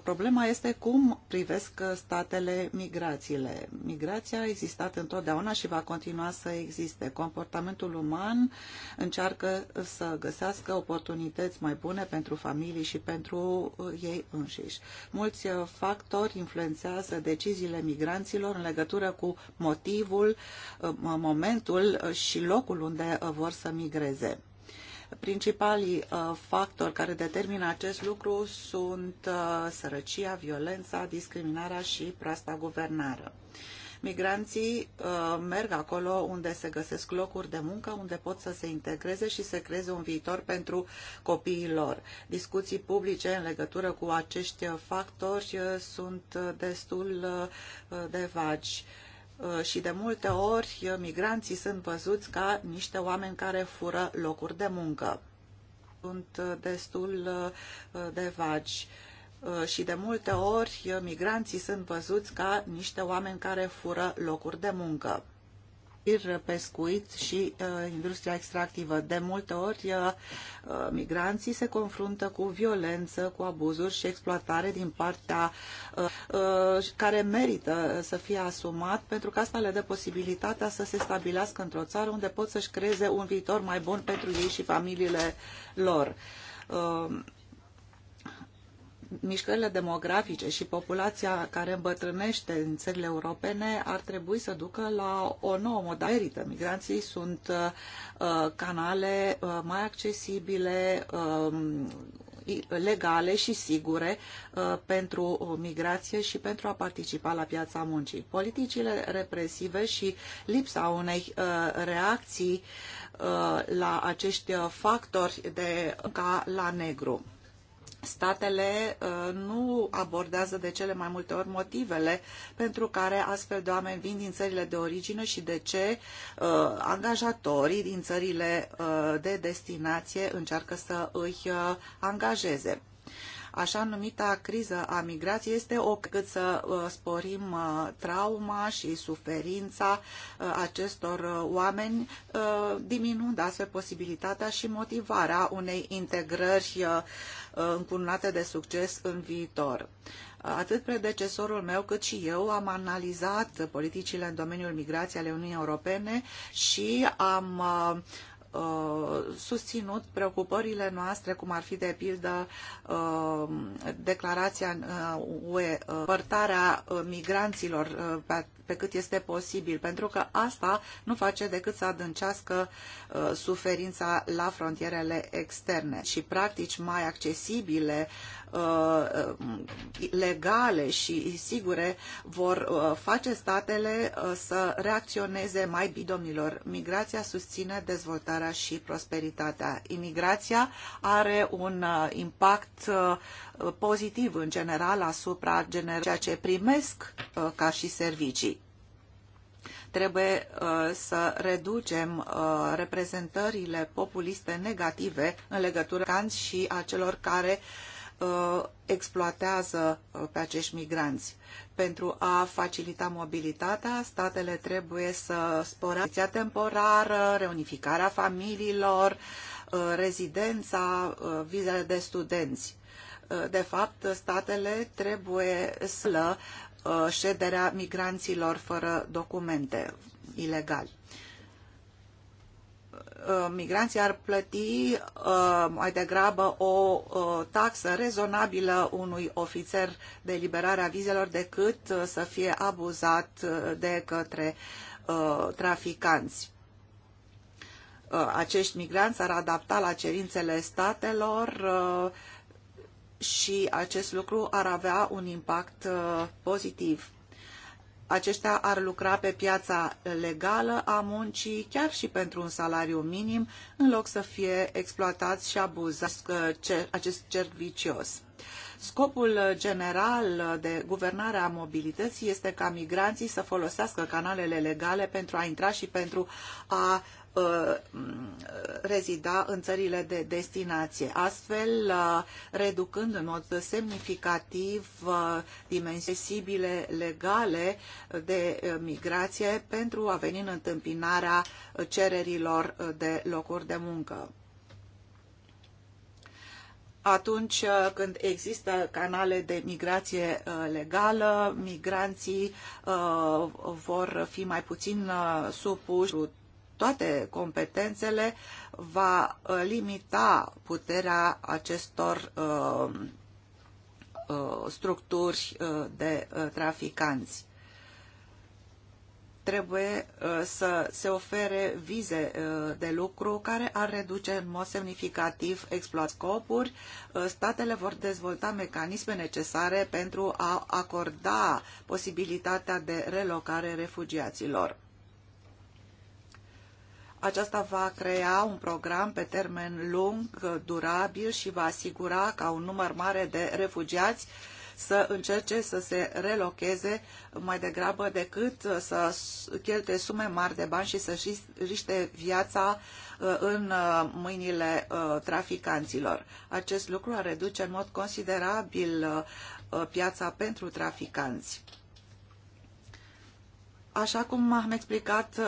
Problema este cum privesc statele migrațiile. Migrația a existat întotdeauna și va continua să existe. Comportamentul uman încearcă să găsească oportunități mai bune pentru familii și pentru uh, ei înșiși. Mulți uh, factori influențează deciziile migranților în legătură cu motivul, uh, momentul și locul unde vor să migreze. Principalii uh, factori care determină acest lucru sunt uh, sărăcia, violența, discriminarea și proasta guvernare. Migranții uh, merg acolo unde se găsesc locuri de muncă, unde pot să se integreze și să creeze un viitor pentru copiii lor. Discuții publice în legătură cu acești factori sunt destul de vagi Uh, și de multe ori uh, migranții sunt văzuți ca niște oameni care fură locuri de muncă. Sunt uh, destul de vagi și de multe ori migranții sunt văzuți ca niște oameni care fură locuri de muncă pescuit și uh, industria extractivă. De multe ori, uh, uh, migranții se confruntă cu violență, cu abuzuri și exploatare din partea uh, uh, care merită să fie asumat, pentru că asta le dă posibilitatea să se stabilească într-o țară unde pot să-și creeze un viitor mai bun pentru ei și familiile lor. Uh, mișcările demografice și populația care îmbătrânește în țările europene ar trebui să ducă la o nouă modalitate. Migranții sunt uh, canale uh, mai accesibile, um, legale și sigure uh, pentru migrație și pentru a participa la piața muncii. Politicile represive și lipsa unei reacții la acești factori de ca la negru statele uh, nu abordează de cele mai multe ori motivele pentru care astfel de oameni vin din țările de origine și de ce uh, angajatorii din țările uh, de destinație încearcă să îi angajeze. Așa numita criză a migrației este o cât să uh, sporim uh, trauma și suferința uh, acestor oameni, diminuând astfel posibilitatea și motivarea unei integrări încununate de succes în viitor. Atât predecesorul meu cât și eu am analizat politicile în domeniul migrației ale Uniunii Europene și am uh, uh, susținut preocupările noastre, cum ar fi de pildă uh, declarația uh, UE, uh, părtarea migranților pe, cât este posibil, pentru că asta nu face decât să adâncească suferința la frontierele externe și practici mai accesibile Uh, legale și sigure vor uh, face statele uh, să reacționeze mai bidomilor. Migrația susține dezvoltarea și prosperitatea. Imigrația are un impact pozitiv în general asupra gener ceea ce primesc ca și servicii trebuie să reducem reprezentările populiste negative în legătură cu și cu celor care Uh, exploatează uh, pe acești migranți. Pentru a facilita mobilitatea, statele trebuie să sporească temporară, reunificarea familiilor, uh, rezidența, vizele de studenți. De fapt, statele trebuie să șederea migranților fără documente ilegali. Uh, migranții ar plăti uh, mai degrabă o uh, taxă rezonabilă unui ofițer de eliberare a vizelor decât să fie abuzat de către traficanți. Acești migranți ar adapta la cerințele statelor și acest lucru ar avea un impact pozitiv aceștia ar lucra pe piața legală a muncii, chiar și pentru un salariu minim, în loc să fie exploatați și abuzați uh, acest cerc vicios. Scopul general de guvernare a mobilității este ca migranții să folosească canalele legale pentru a intra și pentru a Uh, rezida în țările de destinație, astfel uh, reducând în mod semnificativ uh, dimensiile legale de migrație pentru a veni în întâmpinarea cererilor de locuri de muncă atunci când există canale de migrație legală, migranții vor fi mai puțin supuși toate competențele va uh, limita puterea acestor uh, uh, structuri de traficanți. Trebuie să se ofere vize de lucru care ar reduce în mod semnificativ scopuri. Statele vor dezvolta mecanisme necesare pentru a acorda posibilitatea de relocare refugiaților. Aceasta va crea un program pe termen lung, durabil și va asigura ca un număr mare de refugiați să încerce să se relocheze mai degrabă decât să cheltuie sume mari de bani și să-și riște viața uh, în uh, mâinile uh, traficanților. Acest lucru ar reduce în mod considerabil piața pentru traficanți. Așa cum am explicat uh,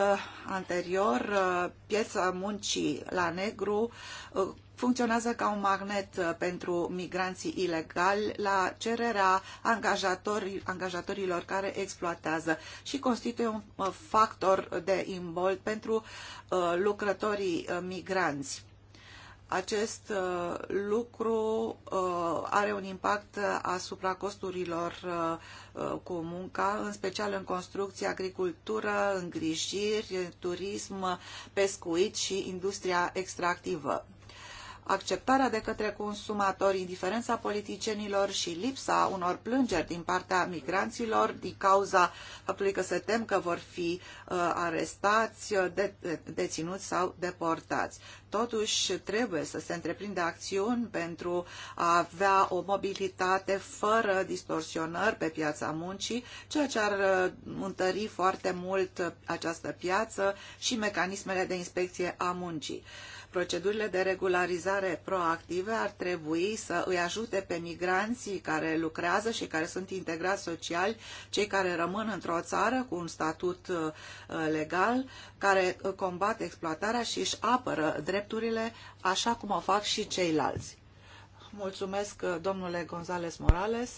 anterior, uh, piața muncii la negru uh, funcționează ca un magnet pentru migranții ilegali la cererea angajatori, angajatorilor care exploatează și constituie un factor de imbold pentru lucrătorii migranți. Acest uh, lucru uh, are un impact asupra costurilor uh, cu munca, în special în construcție, agricultură, îngrijiri, turism, pescuit și industria extractivă acceptarea de către consumatori, indiferența politicienilor și lipsa unor plângeri din partea migranților din cauza faptului că se tem că vor fi uh, arestați, uh, de, de, deținuți sau deportați. Totuși, trebuie să se întreprinde acțiuni pentru a avea o mobilitate fără distorsionări pe piața muncii, ceea ce ar uh, întări foarte mult această piață și mecanismele de inspecție a muncii. Uh, procedurile de regularizare proactive ar trebui să îi ajute pe migranții care lucrează și care sunt integrați social, cei care rămân într-o țară cu un statut uh, legal, care uh, combat exploatarea și își apără drepturile așa cum o fac și ceilalți. Mulțumesc, uh, domnule González Morales,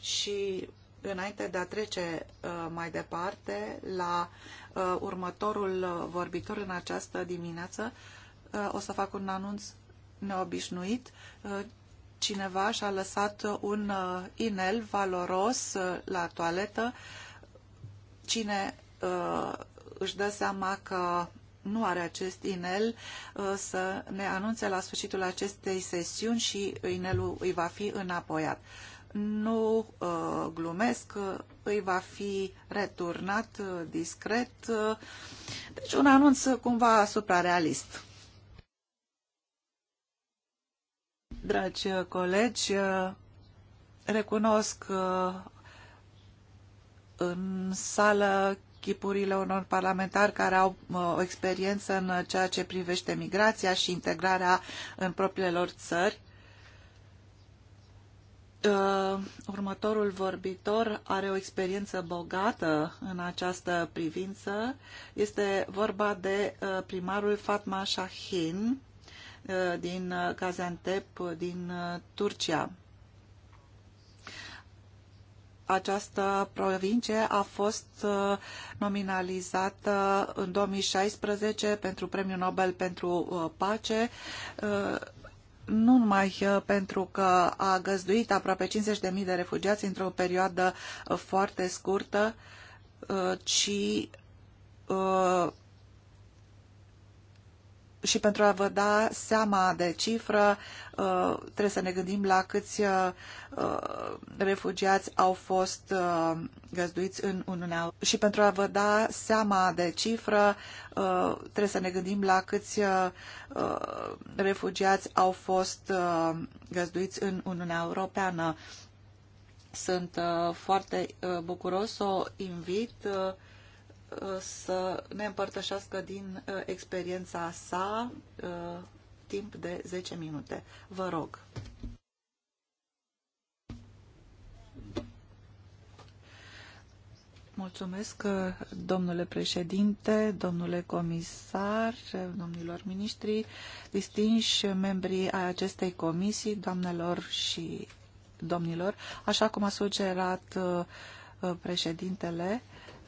și înainte de a trece mai departe la următorul vorbitor în această dimineață, o să fac un anunț neobișnuit. Uh, cineva și-a lăsat un uh, inel valoros uh, la toaletă. Cine își dă seama că nu are acest inel să ne anunțe la sfârșitul acestei sesiuni și inelul îi va fi înapoiat. Nu glumesc, îi va fi returnat discret. Deci un anunț cumva suprarealist. Dragi uh, colegi, uh, recunosc uh, în sală chipurile unor parlamentari care au o experiență în ceea ce privește migrația și integrarea în propriile lor țări. Următorul vorbitor are o experiență bogată în această privință. Este vorba de primarul Fatma Shahin, Uh, din uh, Gaziantep, uh, din Turcia. Această provincie a fost nominalizată în 2016 pentru Premiul Nobel pentru Pace nu numai pentru că a găzduit aproape 50.000 de refugiați într-o perioadă foarte scurtă, ci și pentru a vă da seama de cifră, uh, trebuie să ne gândim la câți uh, uh, refugiați au fost găzduiți în Uniunea Și pentru a vă da seama de cifră, trebuie să ne gândim la câți refugiați au fost găzduiți în Uniunea Europeană. Sunt foarte bucuros să o invit să ne împărtășească din uh, experiența sa uh, timp de 10 minute. Vă rog. Mulțumesc, uh, domnule președinte, domnule comisar, domnilor miniștri, distinși membrii ai acestei comisii, doamnelor și domnilor, așa cum a sugerat președintele,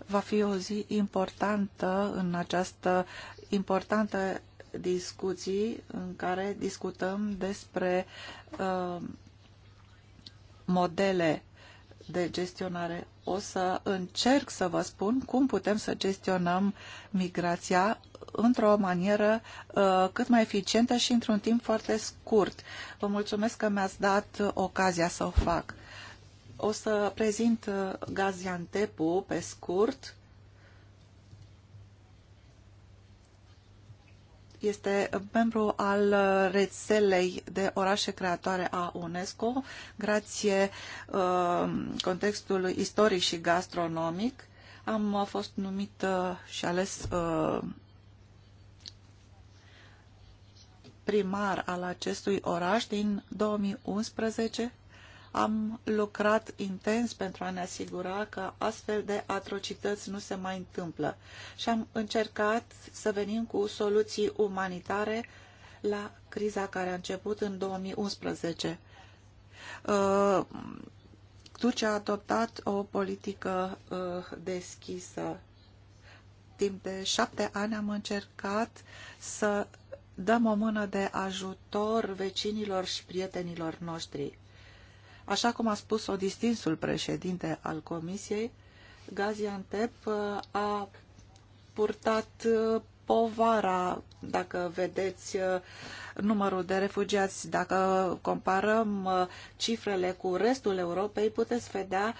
va fi o zi importantă în această importantă discuții în care discutăm despre uh, modele de gestionare. O să încerc să vă spun cum putem să gestionăm migrația într-o manieră uh, cât mai eficientă și într-un timp foarte scurt. Vă mulțumesc că mi-ați dat ocazia să o fac. O să prezint uh, Gaziantep pe scurt. Este membru al rețelei de orașe creatoare a UNESCO, grație uh, contextului istoric și gastronomic. Am uh, fost numit și ales primar al acestui oraș din 2011 am lucrat intens pentru a ne asigura că astfel de atrocități nu se mai întâmplă și am încercat să venim cu soluții umanitare la criza care a început în 2011. Uh, Turcia a adoptat o politică uh, deschisă. Timp de șapte ani am încercat să dăm o mână de ajutor vecinilor și prietenilor noștri. Așa cum a spus-o distinsul președinte al Comisiei, Gaziantep uh, a purtat uh, povara, dacă vedeți uh, numărul de refugiați, dacă comparăm cifrele cu restul Europei, puteți vedea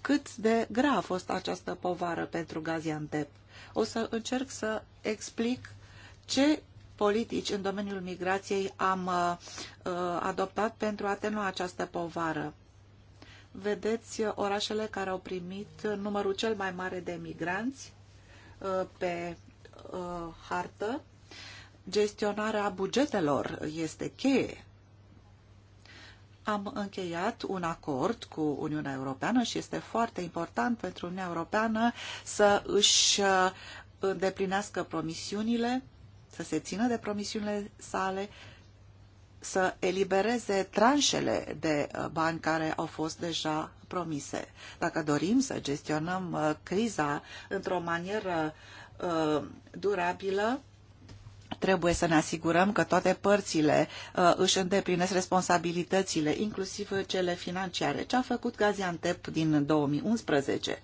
cât de grea a fost această povară pentru Gaziantep. O să încerc să explic ce politici în domeniul migrației am uh, adoptat pentru a atenua această povară. Vedeți orașele care au primit numărul cel mai mare de migranți uh, pe uh, hartă. Gestionarea bugetelor este cheie. Am încheiat un acord cu Uniunea Europeană și este foarte important pentru Uniunea Europeană să își îndeplinească promisiunile să se țină de promisiunile sale, să elibereze tranșele de uh, bani care au fost deja promise. Dacă dorim să gestionăm uh, criza într-o manieră uh, durabilă, trebuie să ne asigurăm că toate părțile uh, își îndeplinesc responsabilitățile, inclusiv cele financiare. Ce a făcut Gaziantep din 2011?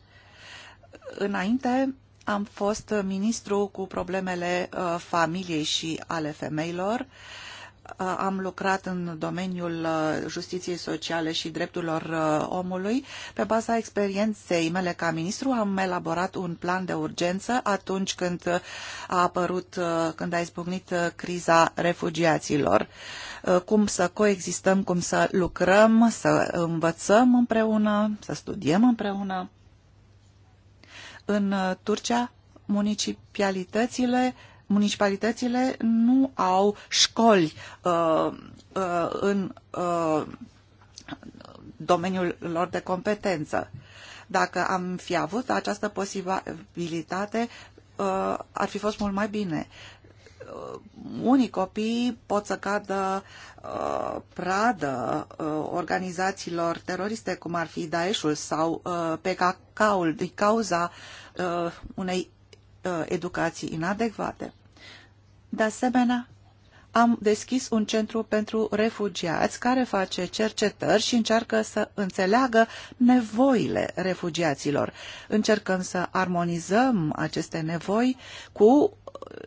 Înainte am fost ministru cu problemele uh, familiei și ale femeilor. Uh, am lucrat în domeniul uh, justiției sociale și drepturilor omului. Pe baza experienței mele ca ministru am elaborat un plan de urgență atunci când a apărut, când a izbucnit criza refugiaților. Cum să coexistăm, cum să lucrăm, să învățăm împreună, să studiem împreună în uh, Turcia, municipalitățile municipalitățile nu au școli uh, uh, în uh, domeniul lor de competență. Dacă am fi avut această posibilitate, uh, ar fi fost mult mai bine. Uh, unii copii pot să cadă uh, pradă uh, organizațiilor teroriste, cum ar fi Daeshul sau uh, PKK-ul, din cauza uh, unei uh, educații inadecvate. De asemenea, am deschis un centru pentru refugiați care face cercetări și încearcă să înțeleagă nevoile refugiaților. Încercăm să armonizăm aceste nevoi cu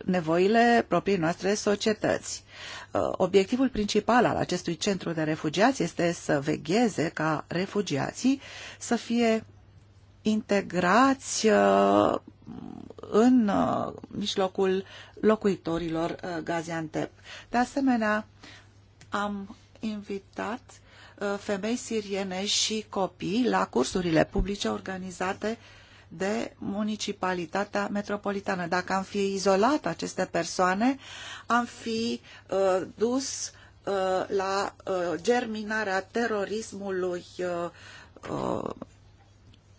nevoile proprii noastre societăți. Uh, obiectivul principal al acestui centru de refugiați este să vegheze ca refugiații să fie integrați uh, în uh, mijlocul locuitorilor uh, Gaziantep. De asemenea, am invitat uh, femei siriene și copii la cursurile publice organizate de municipalitatea metropolitană. Dacă am fi izolat aceste persoane, am fi uh, dus uh, la uh, germinarea terorismului uh,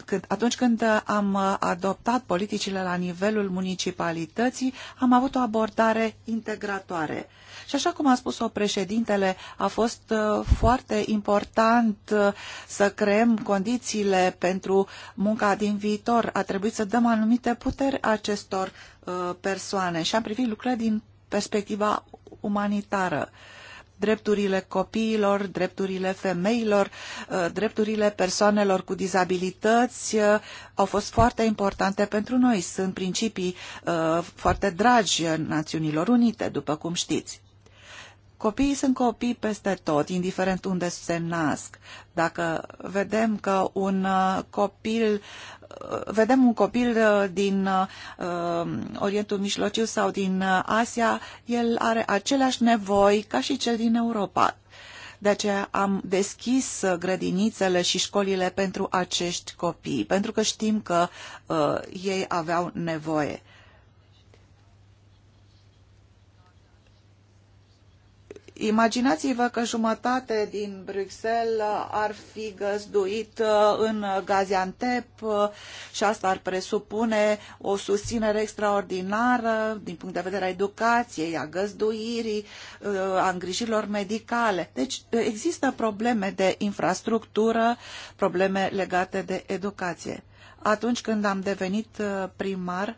când, atunci când am adoptat politicile la nivelul municipalității, am avut o abordare integratoare. Și așa cum a spus-o președintele, a fost uh, foarte important uh, să creăm condițiile pentru munca din viitor. A trebuit să dăm anumite puteri acestor uh, persoane și am privit lucrurile din perspectiva umanitară. Uh, drepturile copiilor, drepturile femeilor, uh, drepturile persoanelor cu dizabilități uh, au fost foarte importante pentru noi. Sunt principii uh, foarte dragi Națiunilor Unite, după cum știți. Copiii sunt copii peste tot, indiferent unde se nasc. Dacă vedem că un uh, copil uh, vedem un copil uh, din Orientul Mijlociu sau din Asia, el are aceleași nevoi ca și cel din Europa. De aceea am deschis grădinițele și școlile pentru acești copii, pentru că știm că uh, ei aveau nevoie. Imaginați-vă că jumătate din Bruxelles ar fi găzduit uh, în Gaziantep uh, și asta ar presupune o susținere extraordinară din punct de vedere a educației, a găzduirii, uh, a îngrijirilor medicale. Deci există probleme de infrastructură, probleme legate de educație. Atunci când am devenit primar,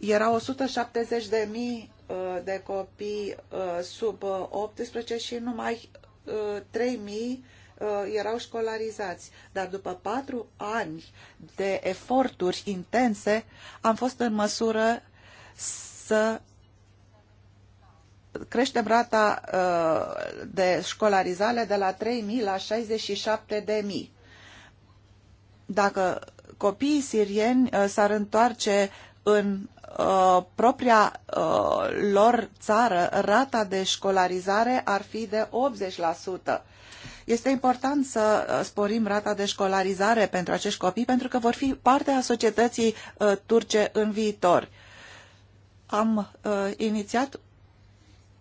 erau 170.000. Uh, de copii uh, sub 18 uh, și numai 3000 erau școlarizați. Dar după patru ani de eforturi intense, am fost în măsură să creștem rata de școlarizare de la 3.000 la 67.000. Dacă copiii sirieni s-ar întoarce în uh, propria uh, lor țară rata de școlarizare ar fi de 80%. Este important să uh, sporim rata de școlarizare pentru acești copii pentru că vor fi parte a societății uh, turce în viitor. Am uh, inițiat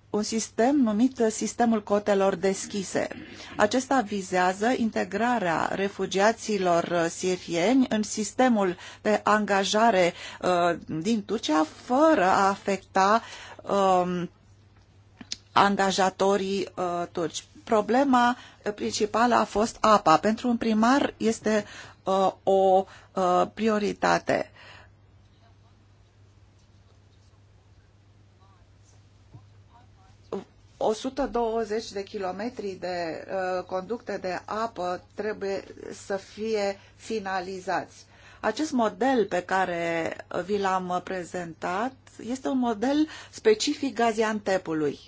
un sistem numit Sistemul Cotelor Deschise. Acesta vizează integrarea refugiaților uh, sirieni în sistemul de angajare uh, din Turcia fără a afecta uh, angajatorii uh, turci. Problema principală a fost apa. Pentru un primar este uh, o uh, prioritate 120 de kilometri de uh, conducte de apă trebuie să fie finalizați. Acest model pe care vi l-am prezentat este un model specific Gaziantepului.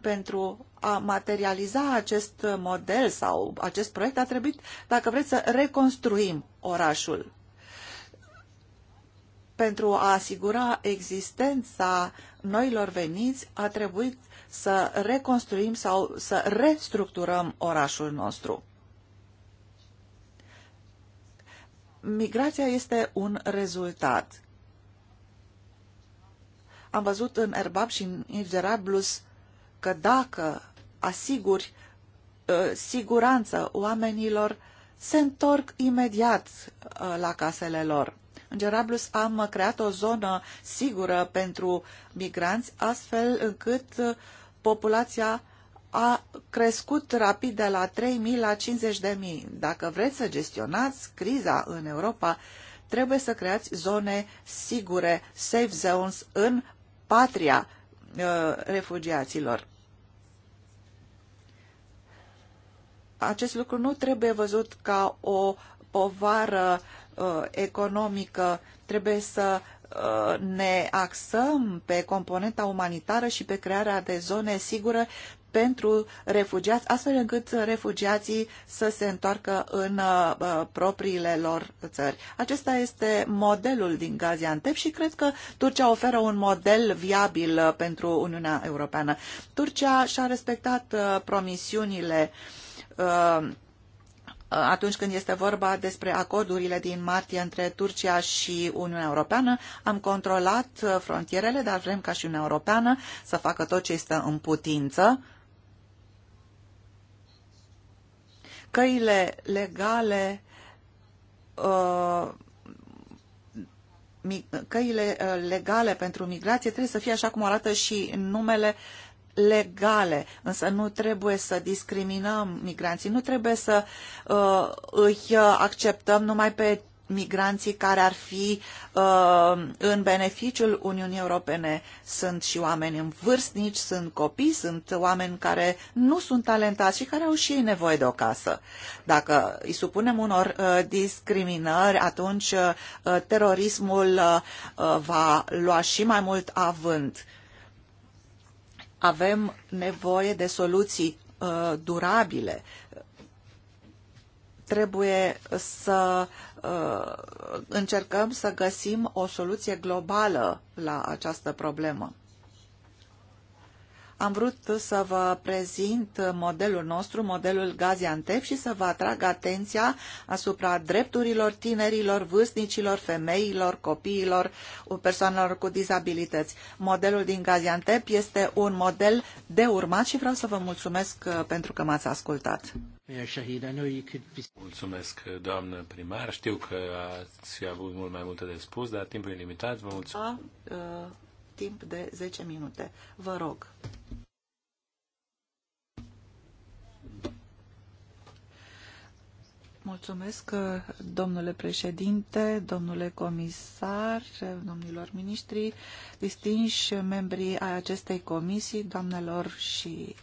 Pentru a materializa acest model sau acest proiect a trebuit, dacă vreți, să reconstruim orașul pentru a asigura existența noilor veniți, a trebuit să reconstruim sau să restructurăm orașul nostru. Migrația este un rezultat. Am văzut în Erbab și în Ingerablus că dacă asiguri ă, siguranță oamenilor, se întorc imediat ă, la casele lor. În Gerablus am creat o zonă sigură pentru migranți, astfel încât populația a crescut rapid de la 3.000 la 50.000. Dacă vreți să gestionați criza în Europa, trebuie să creați zone sigure, safe zones, în patria uh, refugiaților. Acest lucru nu trebuie văzut ca o povară Uh, economică, trebuie să uh, ne axăm pe componenta umanitară și pe crearea de zone sigure pentru refugiați, astfel încât refugiații să se întoarcă în uh, uh propriile lor țări. Acesta este modelul din Gaziantep și cred că Turcia oferă un model viabil pentru Uniunea Europeană. Turcia și-a respectat uh, promisiunile uh, Uh, atunci când este vorba despre acordurile din martie între Turcia și Uniunea Europeană, am controlat uh, frontierele, dar vrem ca și Uniunea Europeană să facă tot ce este în putință. Căile legale uh, căile uh, legale pentru migrație trebuie să fie așa cum arată și numele legale, însă nu trebuie să discriminăm migranții, nu trebuie să uh, îi acceptăm numai pe migranții care ar fi uh, în beneficiul Uniunii Europene. Sunt și oameni în vârstnici, sunt copii, sunt oameni care nu sunt talentați și care au și ei nevoie de o casă. Dacă îi supunem unor uh, discriminări, atunci uh, terorismul uh, va lua și mai mult avânt avem nevoie de soluții uh, durabile. Trebuie să uh, încercăm să găsim o soluție globală la această problemă. Am vrut să vă prezint modelul nostru, modelul Gaziantep și să vă atrag atenția asupra drepturilor tinerilor, vârstnicilor, femeilor, copiilor, persoanelor cu dizabilități. Modelul din Gaziantep este un model de urmat și vreau să vă mulțumesc uh, pentru că m-ați ascultat. Mulțumesc, doamnă primar. Știu că ați avut mult mai multe de spus, dar timpul e limitat. Vă mulțumesc. A, uh timp de 10 minute. Vă rog. Mulțumesc, domnule președinte, domnule comisar, domnilor miniștri, distinși membrii ai acestei comisii, doamnelor și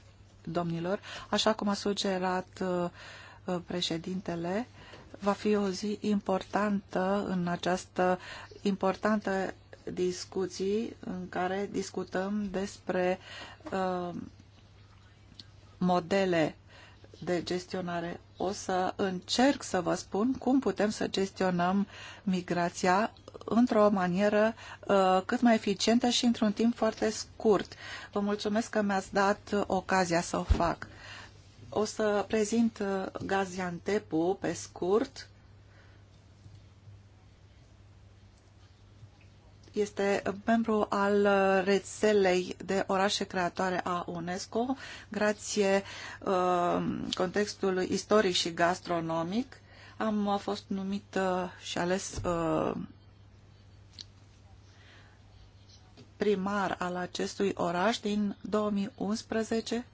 domnilor. Așa cum a sugerat uh, președintele, va fi o zi importantă în această importantă discuții în care discutăm despre uh, modele de gestionare. O să încerc să vă spun cum putem să gestionăm migrația într-o manieră uh, cât mai eficientă și într-un timp foarte scurt. Vă mulțumesc că mi-ați dat ocazia să o fac. O să prezint uh, Gaziantep pe scurt este membru al rețelei de orașe creatoare a UNESCO, grație uh, contextului istoric și gastronomic. Am uh, fost numit uh, și ales uh, primar al acestui oraș din 2011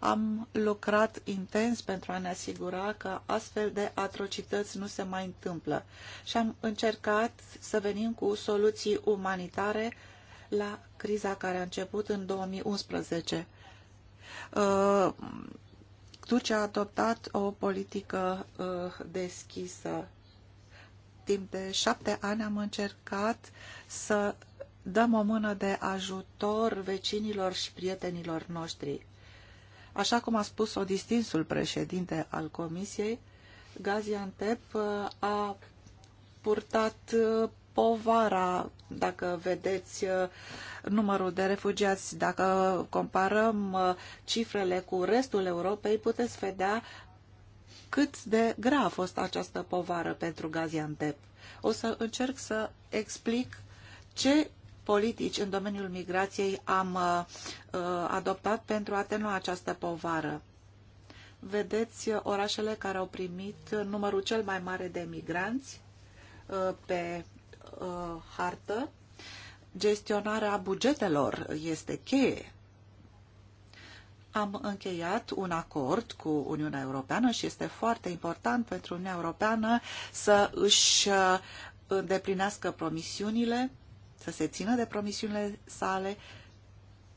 am lucrat intens pentru a ne asigura că astfel de atrocități nu se mai întâmplă și am încercat să venim cu soluții umanitare la criza care a început în 2011. Uh, Turcia a adoptat o politică uh, deschisă. Timp de șapte ani am încercat să dăm o mână de ajutor vecinilor și prietenilor noștri. Așa cum a spus-o distinsul președinte al Comisiei, Gaziantep uh, a purtat uh, povara, dacă vedeți uh, numărul de refugiați, dacă comparăm cifrele cu restul Europei, puteți vedea cât de grea a fost această povară pentru Gaziantep. O să încerc să explic ce politici în domeniul migrației am uh, adoptat pentru a atenua această povară. Vedeți orașele care au primit numărul cel mai mare de migranți uh, pe uh, hartă. Gestionarea bugetelor este cheie am încheiat un acord cu Uniunea Europeană și este foarte important pentru Uniunea Europeană să își îndeplinească promisiunile să se țină de promisiunile sale,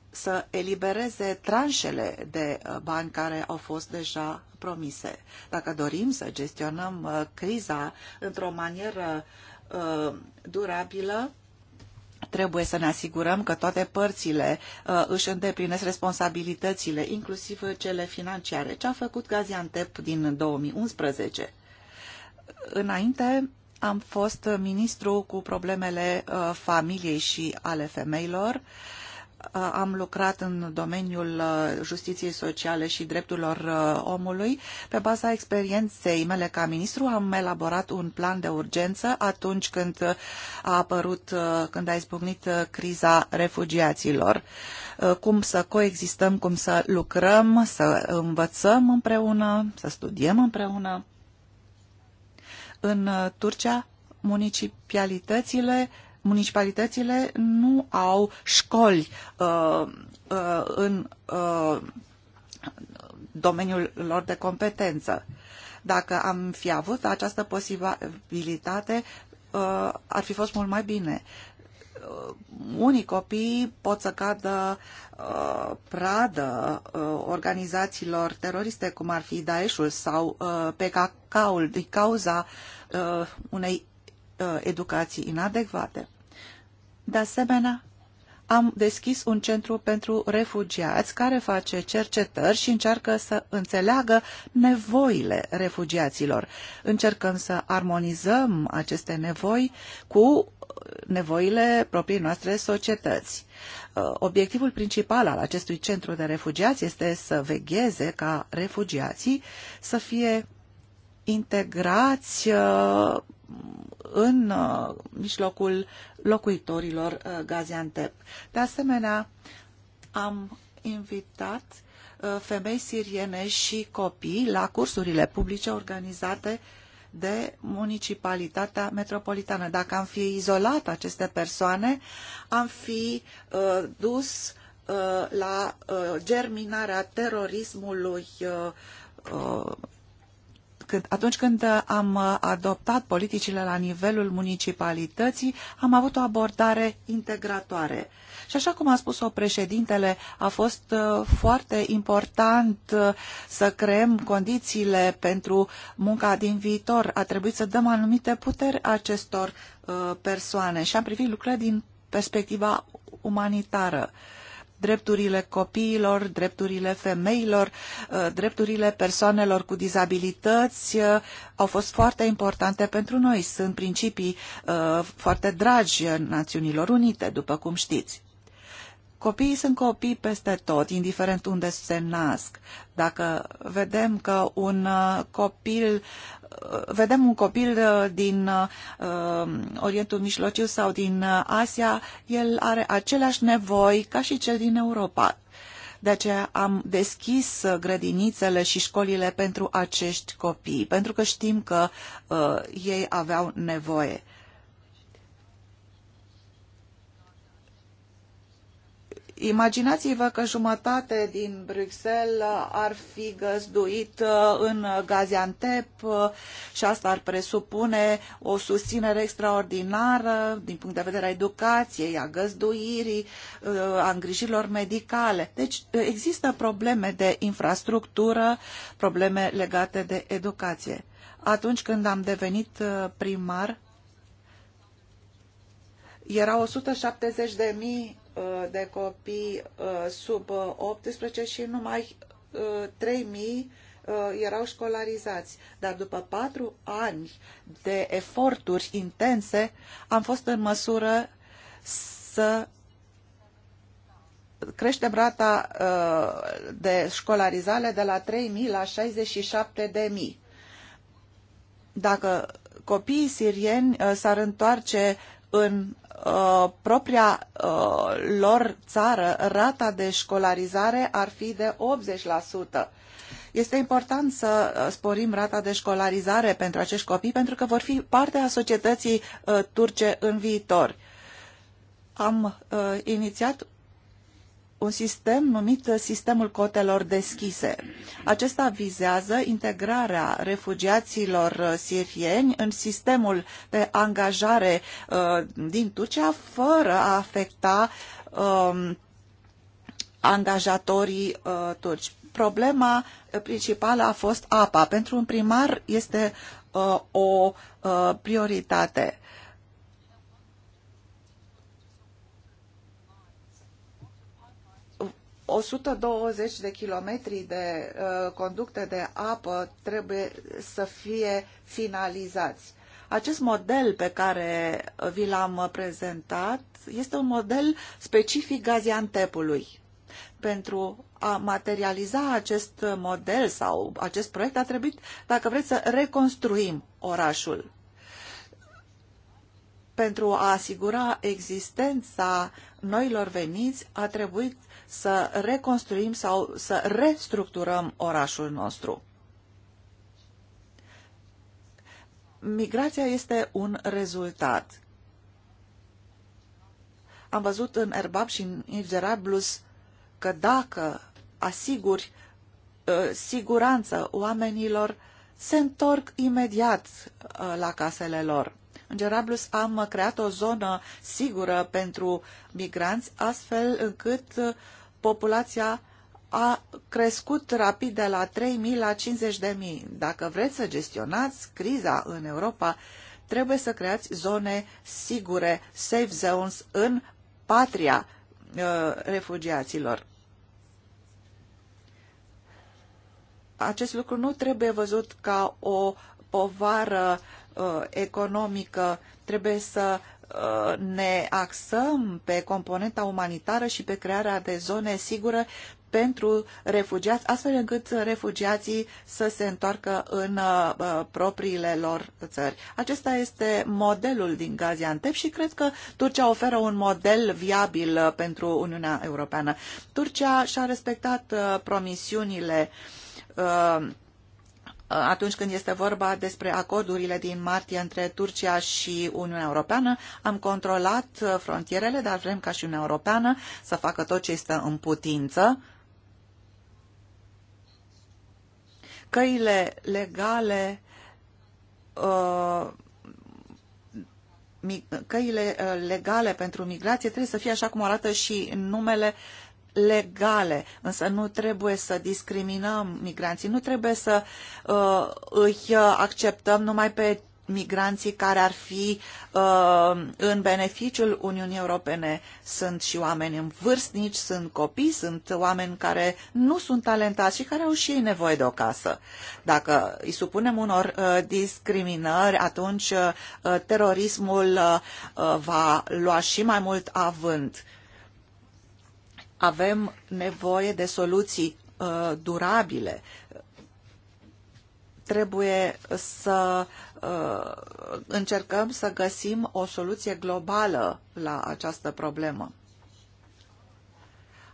să elibereze tranșele de uh, bani care au fost deja promise. Dacă dorim să gestionăm uh, criza într-o manieră uh, durabilă, trebuie să ne asigurăm că toate părțile uh, își îndeplinesc responsabilitățile, inclusiv cele financiare. Ce a făcut Gaziantep din 2011? Înainte am fost ministru cu problemele uh, familiei și ale femeilor. Uh, am lucrat în domeniul uh, justiției sociale și drepturilor omului. Pe baza experienței mele ca ministru am elaborat un plan de urgență atunci când a apărut, când a izbucnit criza refugiaților. Cum să coexistăm, cum să lucrăm, să învățăm împreună, să studiem împreună în Turcia, municipalitățile municipalitățile nu au școli uh, uh, în uh, domeniul lor de competență. Dacă am fi avut această posibilitate, uh, ar fi fost mult mai bine. Uh, unii copii pot să cadă uh, pradă uh, organizațiilor teroriste, cum ar fi Daeshul sau uh, PKK-ul, din cauza uh, unei uh, educații inadecvate. De asemenea, am deschis un centru pentru refugiați care face cercetări și încearcă să înțeleagă nevoile refugiaților. Încercăm să armonizăm aceste nevoi cu nevoile proprii noastre societăți. Uh, obiectivul principal al acestui centru de refugiați este să vegheze ca refugiații să fie integrați uh, în uh, mijlocul locuitorilor Gaziantep. De asemenea, am invitat femei siriene și copii la cursurile publice organizate uh, de municipalitatea metropolitană. Dacă am fi izolat aceste persoane, am fi uh, dus uh, la uh, germinarea terorismului uh, uh atunci când am uh, adoptat politicile la nivelul municipalității, am avut o abordare integratoare. Uh, și așa cum a spus-o președintele, a fost uh, foarte important uh, să creăm condițiile pentru munca din viitor. A trebuit să dăm anumite puteri acestor uh, persoane și am privit lucrurile din perspectiva umanitară drepturile copiilor, drepturile femeilor, drepturile persoanelor cu dizabilități au fost foarte importante pentru noi. Sunt principii foarte dragi Națiunilor Unite, după cum știți. Copiii sunt copii peste tot, indiferent unde se nasc. Dacă vedem că un uh, copil uh, vedem un copil uh, din Orientul Mijlociu sau din Asia, el are aceleași nevoi ca și cel din Europa. De aceea am deschis grădinițele și școlile pentru acești copii, pentru că știm că uh, ei aveau nevoie. Imaginați-vă că jumătate din Bruxelles ar fi găzduit uh, în Gaziantep uh, și asta ar presupune o susținere extraordinară din punct de vedere a educației, a găzduirii, uh, a îngrijirilor medicale. Deci există probleme de infrastructură, probleme legate de educație. Atunci când am devenit primar, erau 170.000 Uh, de copii uh, sub 18 uh, și numai 3000 erau școlarizați. Dar după patru ani de eforturi intense, am fost în măsură să creștem rata de școlarizare de la 3.000 la 67.000. Dacă copiii sirieni s-ar întoarce în Uh, propria uh, lor țară, rata de școlarizare ar fi de 80%. Este important să uh, sporim rata de școlarizare pentru acești copii, pentru că vor fi parte a societății uh, turce în viitor. Am uh, inițiat un sistem numit sistemul cotelor deschise. Acesta vizează integrarea refugiaților uh, sirieni în sistemul de angajare uh, din Turcia fără a afecta um, angajatorii uh, turci. Problema principală a fost apa. Pentru un primar este o prioritate 120 de kilometri de uh, conducte de apă trebuie să fie finalizați. Acest model pe care uh, vi l-am prezentat este un model specific Gaziantepului. Pentru a materializa acest model sau acest proiect a trebuit, dacă vreți, să reconstruim orașul pentru a asigura existența noilor veniți, a trebuit să reconstruim sau să restructurăm orașul nostru. Migrația este un rezultat. Am văzut în Erbab și în Ingerablus că dacă asiguri ă, siguranță oamenilor, se întorc imediat ă, la casele lor. În Gerablus am creat o zonă sigură pentru migranți, astfel încât populația a crescut rapid de la 3.000 la 50.000. Dacă vreți să gestionați criza în Europa, trebuie să creați zone sigure, safe zones, în patria uh, refugiaților. Acest lucru nu trebuie văzut ca o povară uh, economică, trebuie să ne axăm pe componenta umanitară și pe crearea de zone sigure pentru refugiați, astfel încât refugiații să se întoarcă în uh, propriile lor țări. Acesta este modelul din Gaziantep și cred că Turcia oferă un model viabil uh, pentru Uniunea Europeană. Turcia și-a respectat uh, promisiunile uh, atunci când este vorba despre acordurile din martie între Turcia și Uniunea Europeană. Am controlat uh, frontierele, dar vrem ca și Uniunea Europeană să facă tot ce este în putință. Căile legale uh, căile uh, legale pentru migrație trebuie să fie așa cum arată și numele legale, însă nu trebuie să discriminăm migranții, nu trebuie să uh, îi uh, acceptăm numai pe migranții care ar fi uh, în beneficiul Uniunii Europene. Sunt și oameni în vârstnici, sunt copii, sunt oameni care nu sunt talentați și care au și ei nevoie de o casă. Dacă îi supunem unor uh, discriminări, atunci uh, terorismul uh, va lua și mai mult avânt. Uh, avem nevoie de soluții uh, durabile. Trebuie să uh, încercăm să găsim o soluție globală la această problemă.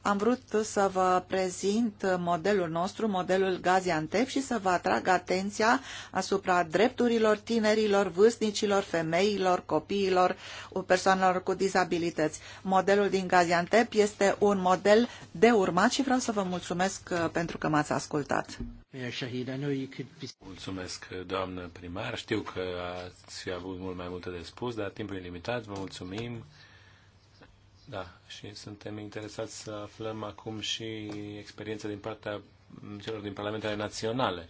Am vrut să vă prezint modelul nostru, modelul Gaziantep și să vă atrag atenția asupra drepturilor tinerilor, vârstnicilor, femeilor, copiilor, persoanelor cu dizabilități. Modelul din Gaziantep este un model de urmat și vreau să vă mulțumesc uh, pentru că m-ați ascultat. Mulțumesc, doamnă primar. Știu că ați avut mult mai multe de spus, dar timpul e limitat. Vă mulțumim. Da, și suntem interesați să aflăm acum și experiența din partea celor din Parlamentele Naționale.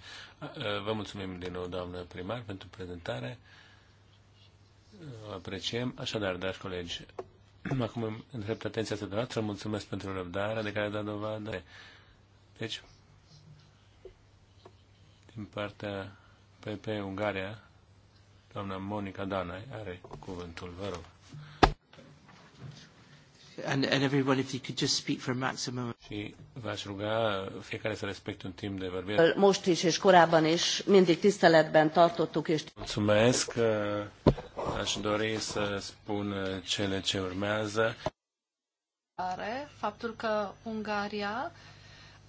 Vă mulțumim din nou, doamnă primar, pentru prezentare. O apreciem. Așadar, dragi colegi, acum îmi îndrept atenția tuturor. Mulțumesc pentru răbdarea de care a dat dovadă. Deci, din partea PP Ungaria, doamna Monica Danai are cuvântul. Vă rog. And, and everyone, if you could just speak for maximum. Și fiecare un timp de vorbire. Most is és korábban is mindig tiszteletben tartottuk és... Mulțumesc. Uh, aș dori să spun uh, cele ce urmează. Are faptul că Ungaria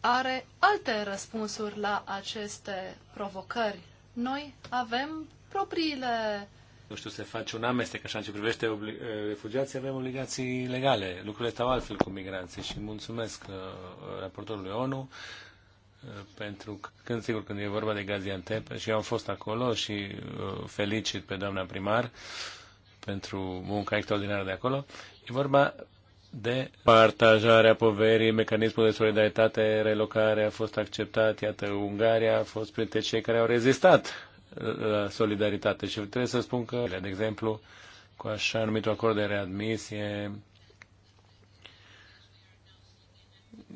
are alte răspunsuri la aceste provocări. Noi avem propriile nu știu, se face un amestec așa în ce privește eh, refugiații, avem obligații legale. Lucrurile stau altfel cu migranții și mulțumesc eh, raportorului ONU eh, pentru că, când, sigur, când e vorba de Gaziantep, și eu am fost acolo și felicit pe doamna primar pentru munca extraordinară de acolo, e vorba de partajarea poverii, mecanismul de solidaritate, relocare a fost acceptat, iată, Ungaria a fost printre cei care au rezistat la solidaritate. Și trebuie să spun că, de exemplu, cu așa numitul acord de readmisie,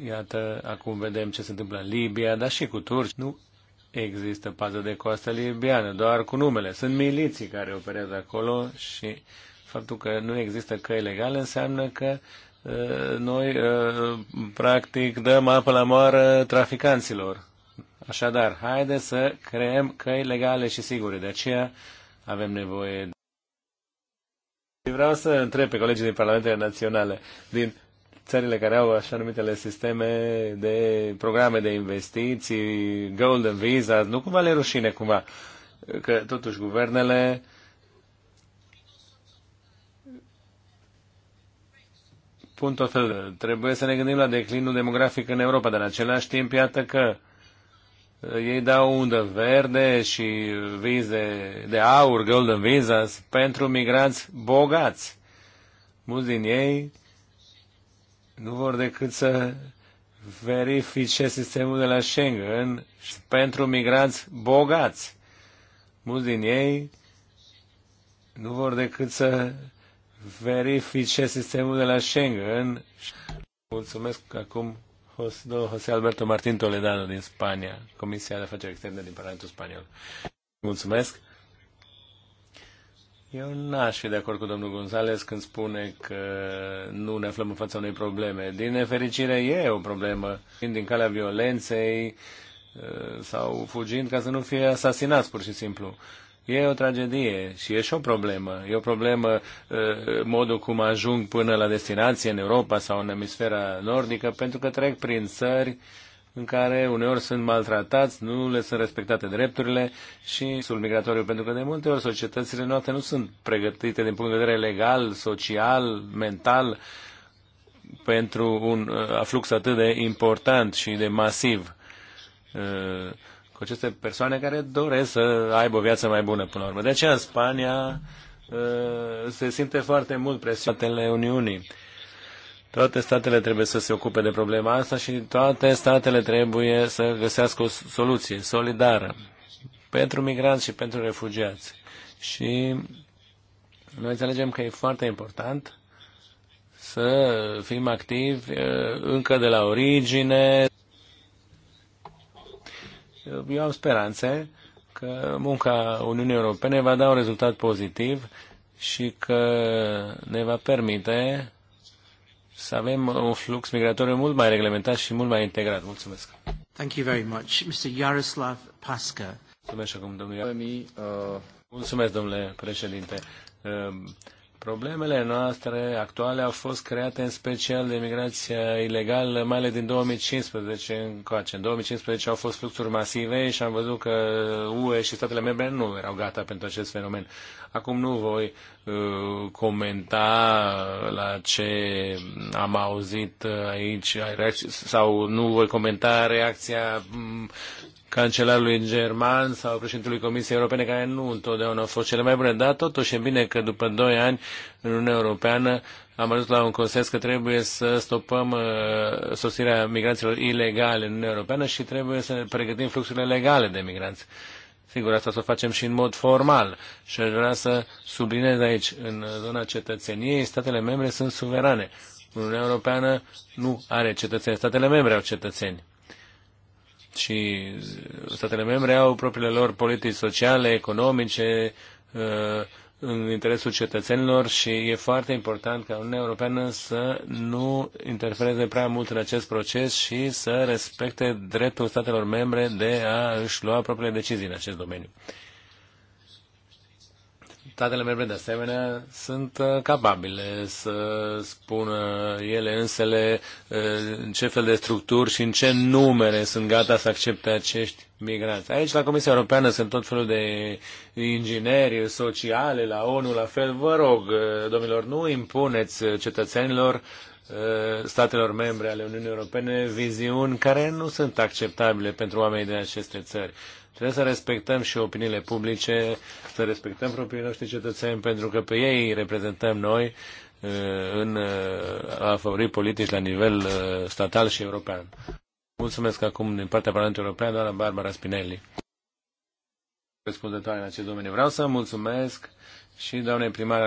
iată, acum vedem ce se întâmplă în Libia, dar și cu turci. Nu există pază de coastă libiană, doar cu numele. Sunt miliții care operează acolo și faptul că nu există căi legale înseamnă că uh, noi, uh, practic, dăm apă la moară traficanților. Așadar, haide să creăm căi legale și sigure. De aceea avem nevoie de... Vreau să întreb pe colegii din Parlamentele Naționale, din țările care au așa numitele sisteme de programe de investiții, golden visa, nu cumva le rușine cumva, că totuși guvernele pun tot felul. Trebuie să ne gândim la declinul demografic în Europa, dar în același timp, iată că uh, ei dau undă verde și vize de aur, golden visas, pentru migranți bogați. Mulți din ei nu vor decât să verifice sistemul de la Schengen și pentru migranți bogați. Mulți din ei nu vor decât să verifice sistemul de la Schengen. Mulțumesc acum José Alberto Martín Toledano din Spania, Comisia de Afaceri Externe din Parlamentul Spaniol. Mulțumesc! Eu n-aș fi de acord cu domnul González când spune că nu ne aflăm în fața unei probleme. Din nefericire e o problemă, fiind din calea violenței uh, sau fugind ca să nu fie asasinați pur și simplu. E o tragedie și e și o problemă. E o problemă uh, modul cum ajung până la destinație în Europa sau în emisfera nordică, pentru că trec prin țări în care uneori sunt maltratați, nu le sunt respectate drepturile și sunt migratoriu, pentru că de multe ori societățile noastre nu sunt pregătite din punct de vedere legal, social, mental pentru un uh, aflux atât de important și de masiv. Uh, aceste persoane care doresc să aibă o viață mai bună până la urmă. De aceea în Spania ă, se simte foarte mult statele Uniunii. Toate statele trebuie să se ocupe de problema asta și toate statele trebuie să găsească o soluție solidară pentru migranți și pentru refugiați. Și noi înțelegem că e foarte important să fim activi ă, încă de la origine, eu am speranțe că munca Uniunii Europene va da un rezultat pozitiv și că ne va permite să avem un flux migratoriu mult mai reglementat și mult mai integrat. Mulțumesc! Thank you very much, Mr. Yaroslav Paska. Mulțumesc domnule. Uh, Mulțumesc, domnule președinte. Uh, Problemele noastre actuale au fost create în special de migrația ilegală, mai ales din 2015 încoace. În 2015 au fost fluxuri masive și am văzut că UE și statele membre nu erau gata pentru acest fenomen. Acum nu voi uh, comenta la ce am auzit aici sau nu voi comenta reacția mm, cancelarului german sau președintelui Comisiei Europene, care nu întotdeauna au fost cele mai bune, dar totuși e bine că după doi ani în Uniunea Europeană am ajuns la un consens că trebuie să stopăm uh, sosirea migranților ilegale în Uniunea Europeană și trebuie să pregătim fluxurile legale de migranți. Sigur, asta să o facem și în mod formal. Și aș vrea să subliniez aici, în zona cetățeniei, statele membre sunt suverane. Uniunea Europeană nu are cetățeni, statele membre au cetățeni și statele membre au propriile lor politici sociale, economice, uh, în interesul cetățenilor și e foarte important ca Uniunea Europeană să nu interfereze prea mult în acest proces și să respecte dreptul statelor membre de a își lua propriile decizii în acest domeniu statele membre, de asemenea, sunt uh, capabile să spună ele însele uh, în ce fel de structuri și în ce numere sunt gata să accepte acești migranți. Aici, la Comisia Europeană, sunt tot felul de ingineri sociale, la ONU, la fel. Vă rog, uh, domnilor, nu impuneți cetățenilor statelor membre ale Uniunii Europene viziuni care nu sunt acceptabile pentru oamenii din aceste țări. Trebuie să respectăm și opiniile publice, să respectăm propriile noștri cetățeni, pentru că pe ei îi reprezentăm noi uh, în uh, a favori politici la nivel uh, statal și european. Mulțumesc acum din partea Parlamentului European, doamna Barbara Spinelli. Răspunzătoare în acest domeniu. Vreau să mulțumesc și doamnei primar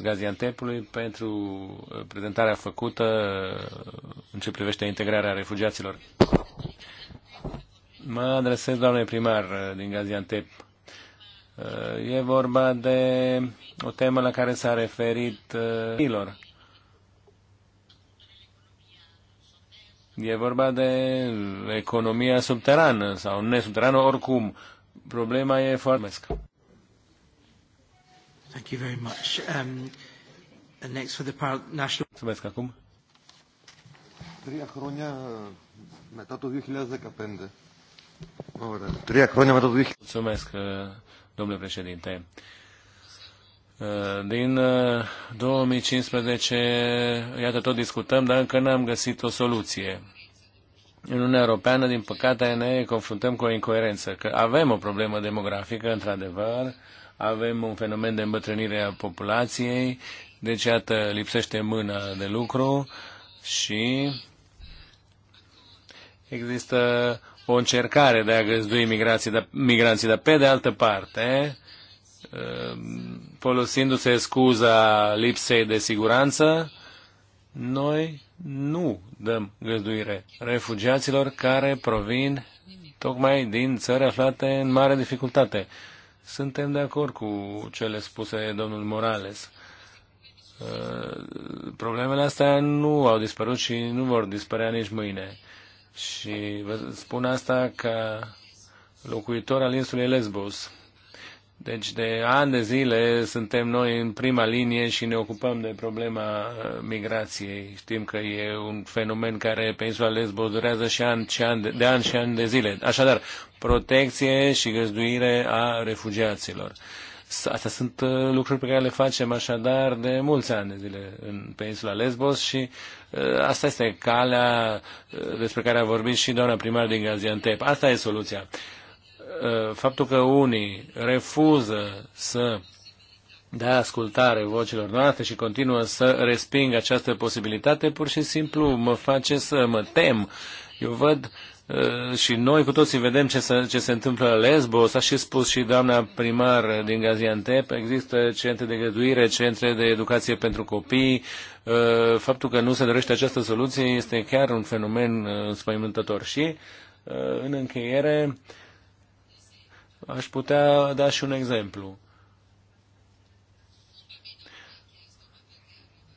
Gaziantepului pentru prezentarea făcută în ce privește integrarea refugiaților. Mă adresez doamnei primar uh, din Gaziantep. Uh, e vorba de o temă la care s-a referit uh, Ilor. E vorba de economia subterană sau nesubterană, oricum. Problema e foarte... Thank you very much. Um, and next for the national... Mulțumesc acum. Τρία χρόνια metatul 2015 Mulțumesc, uh, domnule președinte. Uh, din 2015, uh, iată, tot discutăm, dar încă n-am găsit o soluție. În Uniunea Europeană, din păcate, ne confruntăm cu o incoerență, că avem o problemă demografică, într-adevăr, avem un fenomen de îmbătrânire a populației, deci, iată, lipsește mână de lucru și există o încercare de a găzdui migrații, dar, migranții, dar pe de altă parte, um, folosindu-se scuza lipsei de siguranță, noi nu dăm găzduire refugiaților care provin tocmai din țări aflate în mare dificultate. Suntem de acord cu cele spuse domnul Morales. Uh, problemele astea nu au dispărut și nu vor dispărea nici mâine. Și vă spun asta ca locuitor al insulei Lesbos. Deci de ani de zile suntem noi în prima linie și ne ocupăm de problema uh, migrației. Știm că e un fenomen care pe insula Lesbos durează și an și an, de, de ani și ani de zile. Așadar, protecție și găzduire a refugiaților. Astea sunt uh, lucruri pe care le facem așadar de mulți ani de zile în peninsula Lesbos și uh, asta este calea uh, despre care a vorbit și doamna primar din Gaziantep. Asta e soluția. Faptul că unii refuză să dea ascultare vocilor noastre și continuă să resping această posibilitate, pur și simplu mă face să mă tem. Eu văd uh, Uh, și noi cu toții vedem ce se, ce se întâmplă la Lesbos, a și spus și doamna primar din Gaziantep, există centre de găduire, centre de educație pentru copii. Uh, faptul că nu se dorește această soluție este chiar un fenomen uh, spăimântător. Și, în încheiere, aș putea da și un exemplu.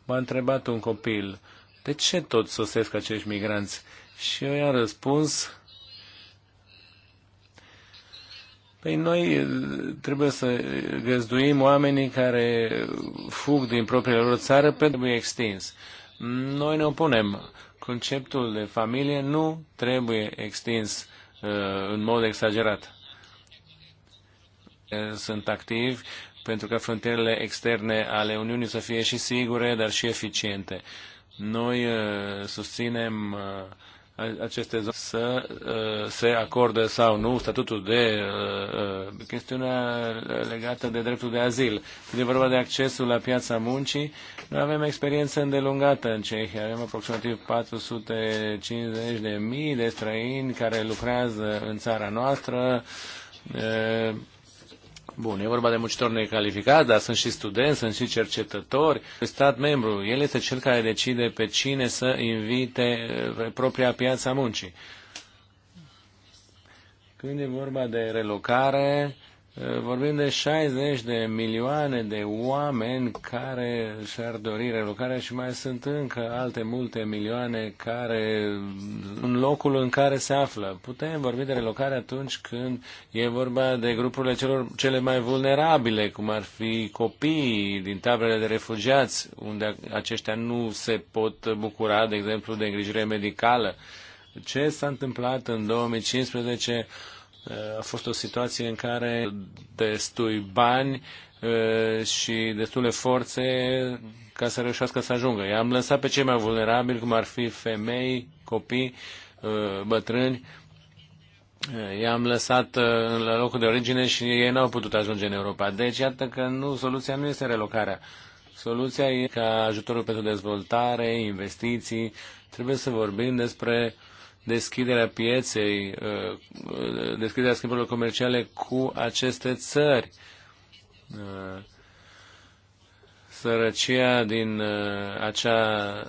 M-a întrebat un copil, de ce tot sosesc acești migranți? Uh, și eu i-am răspuns, Păi noi trebuie să găzduim oamenii care fug din propriile lor țară pentru că extins. Noi ne opunem. Conceptul de familie nu trebuie extins uh, în mod exagerat. Sunt activi pentru ca frontierele externe ale Uniunii să fie și sigure, dar și eficiente. Noi uh, susținem uh, aceste zone să uh, se acorde sau nu statutul de uh, uh, chestiunea legată de dreptul de azil. Când e vorba de accesul la piața muncii, noi avem experiență îndelungată în Cehia. Avem aproximativ 450.000 de străini care lucrează în țara noastră Bun, e vorba de muncitori necalificați, dar sunt și studenți, sunt și cercetători. Stat membru, el este cel care decide pe cine să invite pe eh, propria piața muncii. Când e vorba de relocare, Eh, vorbim de 60 de milioane de oameni care și-ar dori relocarea și mai sunt încă alte multe milioane care, în locul în care se află. Putem vorbi de relocare atunci când e vorba de grupurile celor, cele mai vulnerabile, cum ar fi copiii din taberele de refugiați, unde aceștia nu se pot bucura, de exemplu, de îngrijire medicală. Ce s-a întâmplat în 2015 a fost o situație în care destui bani și destule forțe ca să reușească să ajungă. I-am lăsat pe cei mai vulnerabili, cum ar fi femei, copii, bătrâni, i-am lăsat la locul de origine și ei n-au putut ajunge în Europa. Deci, iată că nu, soluția nu este relocarea. Soluția e ca ajutorul pentru dezvoltare, investiții. Trebuie să vorbim despre uh, deschiderea pieței, uh, deschiderea schimburilor comerciale cu aceste țări. Uh, sărăcia din uh, acea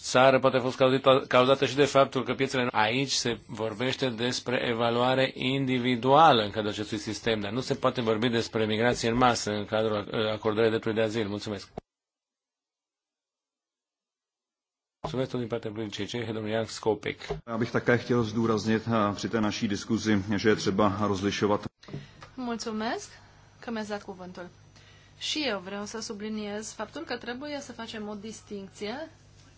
țară poate a fost cauzată și de faptul că piețele aici se vorbește despre evaluare individuală în cadrul acestui sistem, dar nu se poate vorbi despre migrație în masă în cadrul acordării dreptului de azil. Mulțumesc! Mulțumesc din partea Blâncii domnul Jan Skopek. Já bych také chtěl zdůraznit eh, při té naší diskuzi, že je třeba rozlišovat. Mulțumesc că mi-ați dat cuvântul. Și eu vreau să subliniez faptul că trebuie să facem o distincție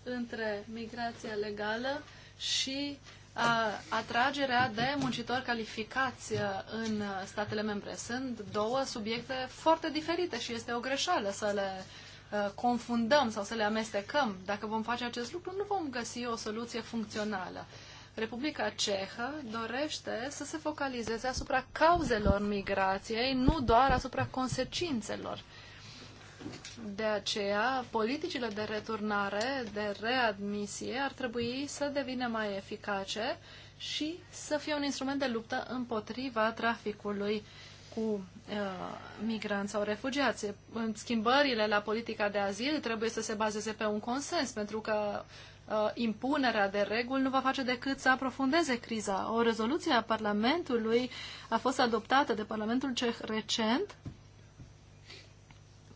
între migrația legală și a, eh, atragerea de muncitori calificați eh, în statele membre. Sunt două subiecte foarte diferite și este o greșeală să le Uh, confundăm sau să le amestecăm. Dacă vom face acest lucru, nu vom găsi o soluție funcțională. Republica Cehă dorește să se focalizeze asupra cauzelor migrației, nu doar asupra consecințelor. De aceea, politicile de returnare, de readmisie, ar trebui să devină mai eficace și să fie un instrument de luptă împotriva traficului cu uh, migranți sau refugiați. Schimbările la politica de azil trebuie să se bazeze pe un consens, pentru că uh, impunerea de reguli nu va face decât să aprofundeze criza. O rezoluție a Parlamentului a fost adoptată de Parlamentul Ceh recent,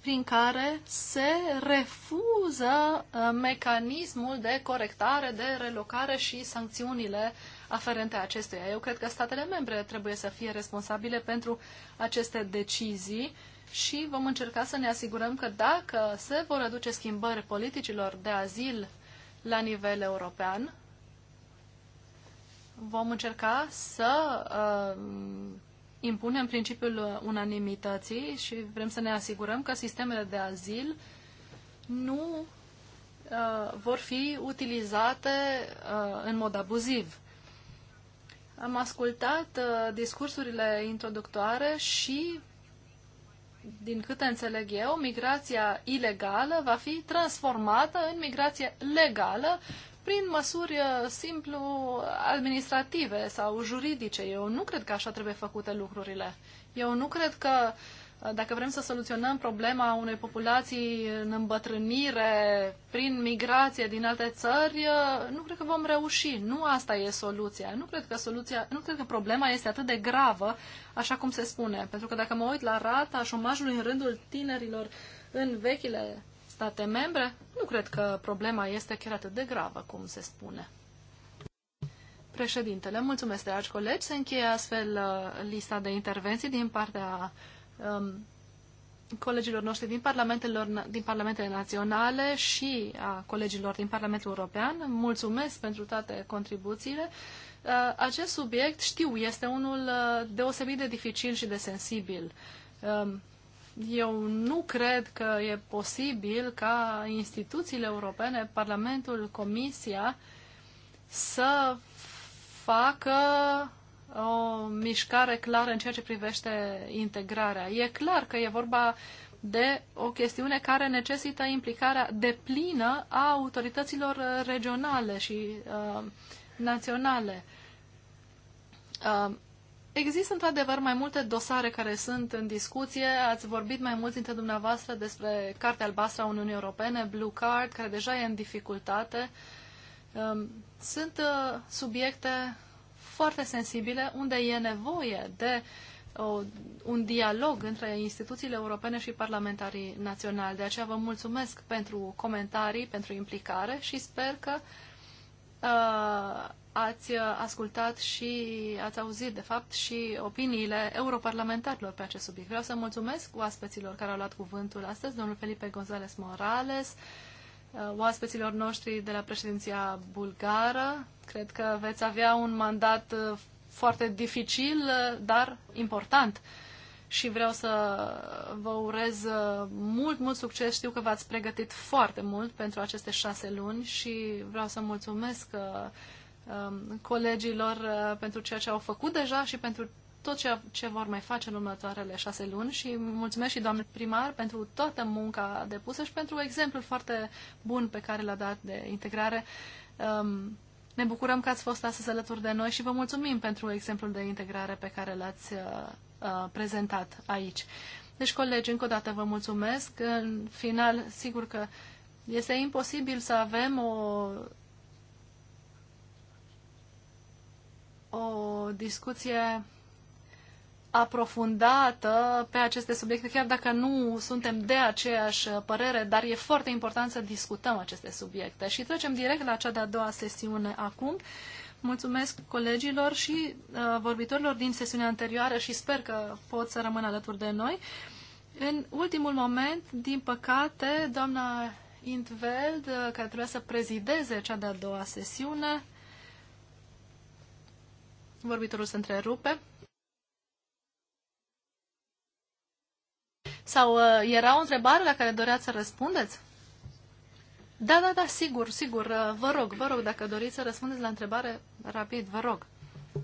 prin care se refuză uh, mecanismul de corectare, de relocare și sancțiunile uh, aferente acestuia. Eu cred că statele membre trebuie să fie responsabile pentru aceste decizii și vom încerca să ne asigurăm că dacă se vor aduce schimbări politicilor de azil la nivel european, vom încerca să uh, impunem principiul unanimității și vrem să ne asigurăm că sistemele de azil nu uh, vor fi utilizate uh, în mod abuziv. Am ascultat uh, discursurile introductoare și, din câte înțeleg eu, migrația ilegală va fi transformată în migrație legală prin măsuri uh, simplu administrative sau juridice. Eu nu cred că așa trebuie făcute lucrurile. Eu nu cred că uh, dacă vrem să soluționăm problema unei populații în îmbătrânire prin migrație din alte țări, nu cred că vom reuși. Nu asta e soluția. Nu cred că, soluția, nu cred că problema este atât de gravă, așa cum se spune. Pentru că dacă mă uit la rata șomajului în rândul tinerilor în vechile state membre, nu cred că problema este chiar atât de gravă, cum se spune. Președintele, mulțumesc, dragi colegi. Se încheie astfel uh, lista de intervenții din partea um, colegilor noștri din, parlamentelor, din parlamentele naționale și a colegilor din Parlamentul European. Mulțumesc pentru toate contribuțiile. Uh, acest subiect, știu, este unul uh, deosebit de dificil și de sensibil. Um, eu nu cred că e posibil ca instituțiile europene, Parlamentul, Comisia, să facă o mișcare clară în ceea ce privește integrarea. E clar că e vorba de o chestiune care necesită implicarea deplină a autorităților regionale și uh, naționale. Uh, Există într-adevăr mai multe dosare care sunt în discuție. Ați vorbit mai mulți dintre dumneavoastră despre Cartea Albastră a Uniunii Europene, Blue Card, care deja e în dificultate. Um, sunt uh, subiecte foarte sensibile, unde e nevoie de o, un dialog între instituțiile europene și parlamentarii naționali. De aceea vă mulțumesc pentru comentarii, pentru implicare și sper că uh, ați ascultat și ați auzit, de fapt, și opiniile europarlamentarilor pe acest subiect. Vreau să mulțumesc oaspeților care au luat cuvântul astăzi, domnul Felipe González Morales, uh, Uh, oaspeților noștri de la președinția bulgară. Cred că veți avea un mandat uh, foarte dificil, uh, dar important. Și vreau să vă urez mult, mult succes. Știu că v-ați pregătit foarte mult pentru aceste șase luni și vreau să mulțumesc um, colegilor pentru ceea ce au făcut deja și pentru tot ce, ce vor mai face în următoarele șase luni și mulțumesc și doamne primar pentru toată munca depusă și pentru exemplul foarte bun pe care l-a dat de integrare. Um, ne bucurăm că ați fost astăzi alături de noi și vă mulțumim pentru exemplul de integrare pe care l-ați uh, uh, prezentat aici. Deci, colegi, încă o dată vă mulțumesc. În final, sigur că este imposibil să avem o o discuție aprofundată pe aceste subiecte, chiar dacă nu suntem de aceeași părere, dar e foarte important să discutăm aceste subiecte. Și trecem direct la cea de-a doua sesiune acum. Mulțumesc colegilor și uh, vorbitorilor din sesiunea anterioară și sper că pot să rămână alături de noi. În ultimul moment, din păcate, doamna Intveld, uh, care trebuia să prezideze cea de-a doua sesiune, vorbitorul se întrerupe, Sau uh, era o întrebare la care doreați să răspundeți? Da, da, da, sigur, sigur. Uh, vă rog, vă rog, dacă doriți să răspundeți la întrebare, rapid, vă rog.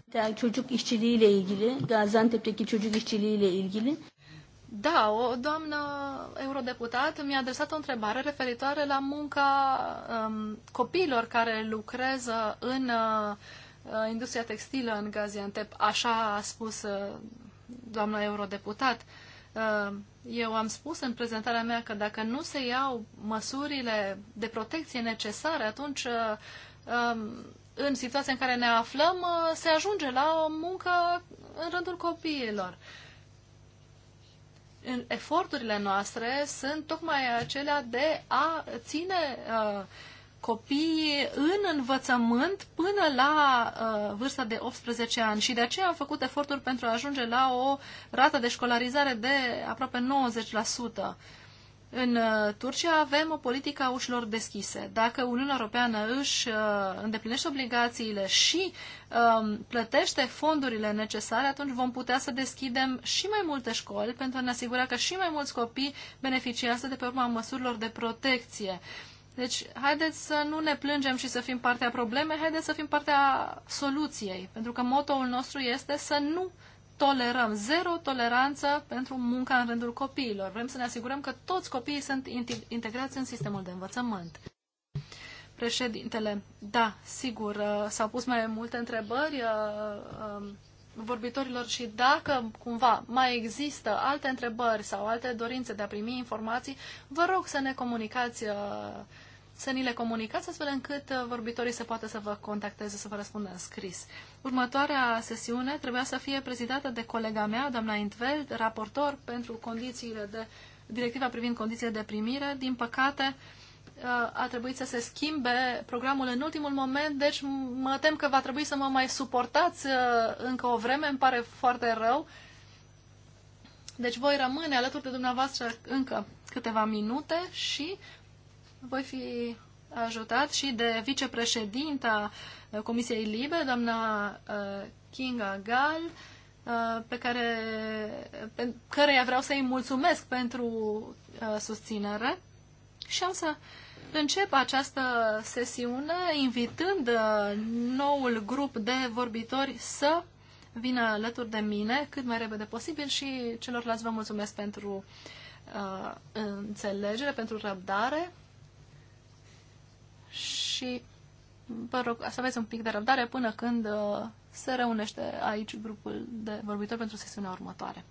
Da, çocuk işçiliğiyle ilgili, Gaziantep'teki çocuk işçiliğiyle ilgili. Da, o doamnă eurodeputat mi-a adresat o întrebare referitoare la munca um, copiilor care lucrează în uh, uh industria textilă în Gaziantep. Așa a spus uh, doamna eurodeputat. Uh, Uh, eu am spus în prezentarea mea că dacă nu se iau măsurile de protecție necesare, atunci uh, um, în situația în care ne aflăm, uh, se ajunge la o muncă în rândul copiilor. Eforturile noastre sunt tocmai acelea de a ține uh, copiii în învățământ până la uh, vârsta de 18 ani și de aceea am făcut eforturi pentru a ajunge la o rată de școlarizare de aproape 90%. În uh, Turcia avem o politică a ușilor deschise. Dacă Uniunea Europeană își uh, îndeplinește obligațiile și um, plătește fondurile necesare, atunci vom putea să deschidem și mai multe școli pentru a ne asigura că și mai mulți copii beneficiază de pe urma măsurilor de protecție. Deci, haideți să nu ne plângem și să fim partea problemei, haideți să fim partea soluției. Pentru că motoul nostru este să nu tolerăm, zero toleranță pentru munca în rândul copiilor. Vrem să ne asigurăm că toți copiii sunt integrați în sistemul de învățământ. Președintele, da, sigur, uh, s-au pus mai multe întrebări uh, um, vorbitorilor și dacă cumva mai există alte întrebări sau alte dorințe de a primi informații, vă rog să ne comunicați, uh, să ni le comunicați astfel încât uh, vorbitorii se poată să vă contacteze, să vă răspundă în scris. Următoarea sesiune trebuia să fie prezidată de colega mea, doamna Intveld, raportor pentru condițiile de, directiva privind condițiile de primire. Din păcate, Uh, a trebuit să se schimbe programul în ultimul moment, deci mă tem că va trebui să mă mai suportați uh, încă o vreme, îmi pare foarte rău. Deci voi rămâne alături de dumneavoastră încă câteva minute și voi fi ajutat și de vicepreședinta uh, Comisiei Libe, doamna Kinga Gal, pe care, pe, care vreau să-i mulțumesc pentru susținere. Și am să încep această sesiune invitând uh, noul grup de vorbitori să vină alături de mine cât mai repede posibil și celorlalți vă mulțumesc pentru uh, înțelegere, pentru răbdare și vă rog să aveți un pic de răbdare până când uh, se reunește aici grupul de vorbitori pentru sesiunea următoare.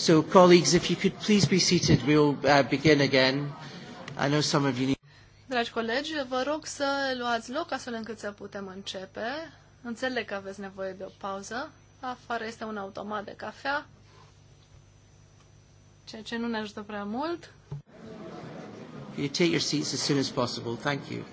So, colleagues, if you could please be seated, we'll uh, begin again. I know some of you need... Dragi colegi, vă rog să luați loc astfel încât să putem începe. Înțeleg că aveți nevoie de o pauză. Afară este un automat de cafea, ceea ce nu ne ajută prea mult. You take your seats as soon as possible. Thank you.